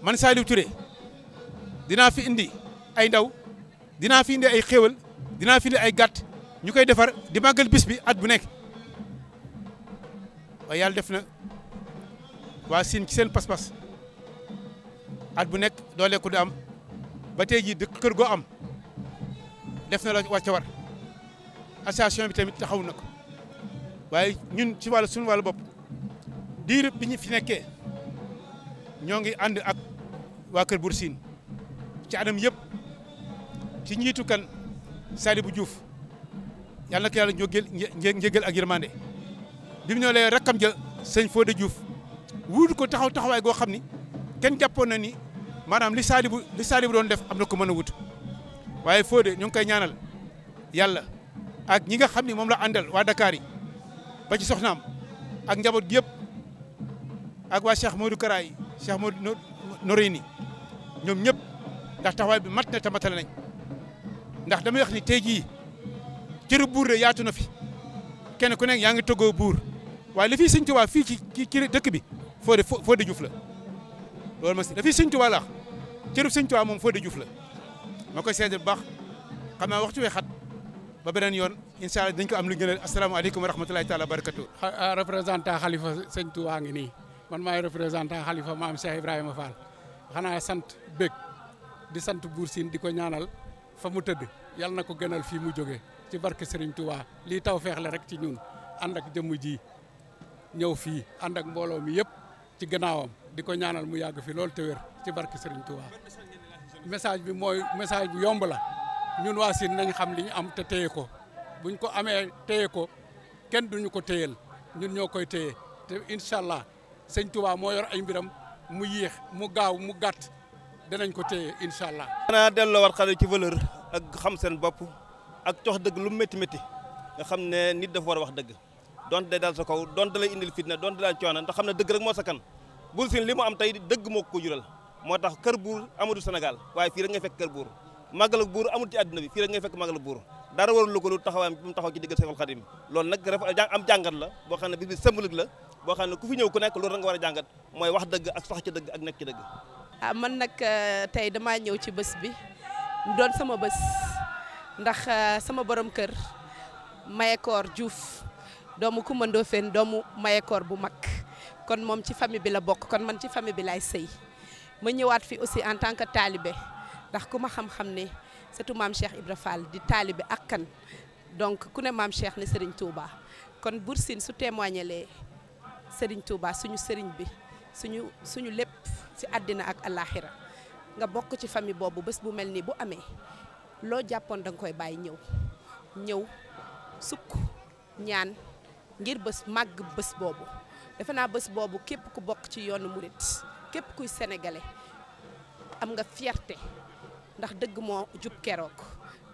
Speaker 6: man Saliou Touré dinaa fi indi ay ndaw dinaa fi indi ay xéwal dinaa fi indi ay gàtt ñu koy defar di màggal bis at bu nekk waaye yàlla def na waa Sine ci seen paspas at bu nekk dooleeku du am ba tey jii dëkk kër goo am def na la wàcca association bi tamit taxaw na ko waaye ñun ci wàllu suñu wàllu bopp diirub bi ñu fi nekkee ñoo ngi ànd ak waa Kër Bour Sine ci anam yëpp ci njiitu kan Sadibou Diouf yàlla na ko yàlla njëgal njëgal ak yërmande bi mu ñoo lay rakkam ja sëñ Fodé Diouf wuutu ko taxaw taxawaay goo xam ni kenn jàppoon na ni maanaam li Sadibou li Sadibou doon def am na ko mën a wut waaye Fodé ñu ngi koy ñaanal yàlla. ak ñi nga xam ni moom la àndal waa dakaari yi ci soxnaam ak njaboot yëpp ak waa Cheikh moodu Kara yi Cheikh Modou ñoom ñëpp ndax taxawaay bi mat na te nañ ndax damay wax ni tey jii cëru buur de yaatu na fi kenn ku nekk yaa ngi toggoo buur waaye li fi Sëñ fii ci ci dëkk bi Fodé Fodé Diouf la loolu ma si li fi Sëñ Tuubaa la cërub Sëñ Tuubaa moom Fodé Diouf la ma koy seede bu baax xam naa waxtu weexat ba beneen yoon incha allah dañ ko am lu gën a asalaamaaleykum wa rahmatulahi taala wa barakatu. Ah, représentant xalifa sëñ waa ngi nii man maay représentant xalifa maam Cheikh Ibrahima Fall xanaa sant bég di sant Buur Sine di ko ñaanal fa mu tëdd yàlla na ko gënal fii mu jóge ci barke Serigne Touba lii taw feex rek ci ñun ànd ak jëmm ji ñëw fii ànd ak mbooloo mi yëpp ci gannaawam di ko ñaanal mu yàgg fi loolu te ci barke Serigne Touba message bi mooy message bu yomb la. ñun waa Sine nañ xam li ñu am te téye ko bu ñu ko amee téye ko kenn du ñu ko téyel ñun ñoo koy téye te incha allah sëñ Touba moo yor ay mbiram mu yéex mu gaaw mu gàtt danañ ko téye incha allah. xanaa delloowaat xale ci
Speaker 1: valeur ak xam seen bopp ak cox dëgg lu métti métti nga xam ne nit dafa war a wax dëgg donte day dal sa kaw donte lay indil fitna donte daal coono ndax xam ne dëgg rek moo sa kan Bour Sine li mu am tey dëgg moo ko jural moo tax kër buur amadu Sénégal waaye fii rek nga fekk kër buur. màggal ak buur amul ci àdduna bi fii rek ngay fekk màggal ak buur dara warul lu ko lu taxawaayam bi mu taxaw ci diggal Seexul Xadim loolu nag am jàngat la boo xam ne bis bi symbolique la boo xam ne ku fi ñëw ku nekk loolu a jàngat mooy wax dëgg ak sax ci dëgg ak nekk ci dëgg
Speaker 9: ah man nag euh, tey damaa ñëw ci bés bi doon sama bës ndax euh, sama borom kër Mahécor Diouf doomu Coumba Ndoffène doomu Mahécor bu mag kon moom ci famille bi la bokk kon man ci famille bi laay sëy ma ñëwaat fi aussi en tant que taalibe ndax ku ma xam-xam ne setu maam Cheikh Ibra Fall di taalibe ak kan donc ku ne maam Cheikh ne Serigne Touba kon Bour Sine su témoigné lee Serigne Touba suñu sëriñ bi suñu suñu lépp ci àddina ak àllaaxira nga bokk ci famille boobu bés bu mel nii bu amee loo jàppoon da koy bàyyi ñëw ñëw sukk ñaan ngir bés màgg bés boobu defe naa bés boobu képp ku bokk ci yoonu murit képp kuy sénégalais am nga fierté ndax dëgg moo jub keroog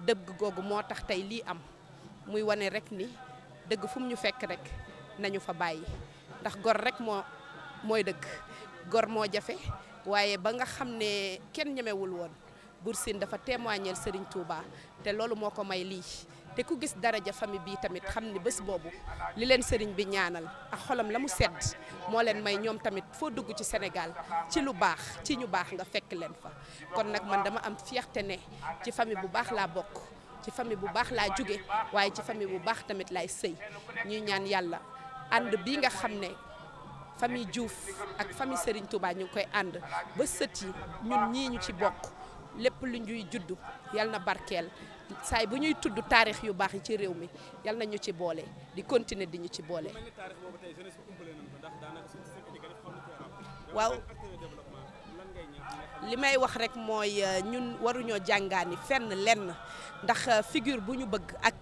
Speaker 9: dëgg googu moo tax tey lii am muy wane rek ni dëgg fu ñu fekk rek nañu fa bàyyi ndax gor rek moo mooy dëgg gor moo jafe waaye ba nga xam ne kenn ñemewul woon Bour Sine dafa témoigner sëriñ Touba te loolu moo ko may lii te ku gis daraja famille bii tamit xam ni bés boobu li leen sëriñ bi ñaanal ak xolam la mu sedd moo leen may ñoom tamit foo dugg ci senegal ci lu baax ci ñu baax nga fekk leen fa kon nag man dama am fierté ne ci famille bu baax laa bokk ci famille bu baax laa jóge waaye ci famille bu baax tamit laay sëy ñuy ñaan yàlla ànd bi nga xam ne famille Diouf ak famille Serigne Touba ñu ngi koy ànd ba sët yi ñun ñii ñu ci bokk lépp lu ñuy judd yàlla na barkeel saay bu ñuy tudd taarix yu baax yi ci réew mi yal nañu ci boole di continuer di ñu ci boole. waaw li may wax rek mooy euh, ñun waruñoo jàngaani fenn lenn ndax euh, figure bu ñu bëgg ak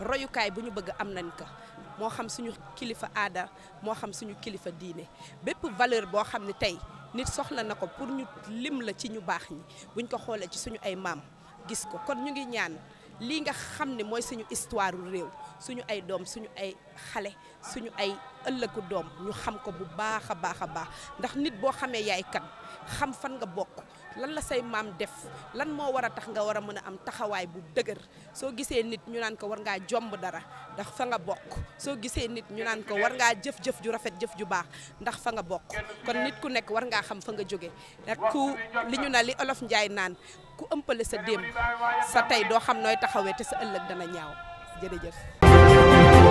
Speaker 9: royukaay bu ñu bëgg am nañ ko. moo xam suñu kilifa aada moo xam suñu kilifa diine bépp valeur boo xam ne tey nit soxla na ko pour ñu lim la ci ñu baax ñi buñ ko xoolee ci suñu ay maam. gis ko kon ñu ngi ñaan lii nga xam ne mooy suñu histoire réew suñu ay doom suñu ay xale suñu ay ëllëgu doom ñu xam ko bu baax a baax a baax ndax nit boo xamee yaay kan xam fan nga bokk lan la say maam def lan moo war a tax nga war a mën a am taxawaay bu dëgër soo gisee nit ñu naan ko war ngaa jomb dara ndax fa nga bokk soo gisee nit ñu naan ko war ngaa jëf-jëf ju rafet jëf ju baax ndax fa nga bokk kon nit ku nekk war ngaa xam fa nga jóge ku li ñu na li olof njaay naan bu ëmpale sa démb sa tey doo xam nooy taxawee te sa ëllëg dana ñaaw jërëjëf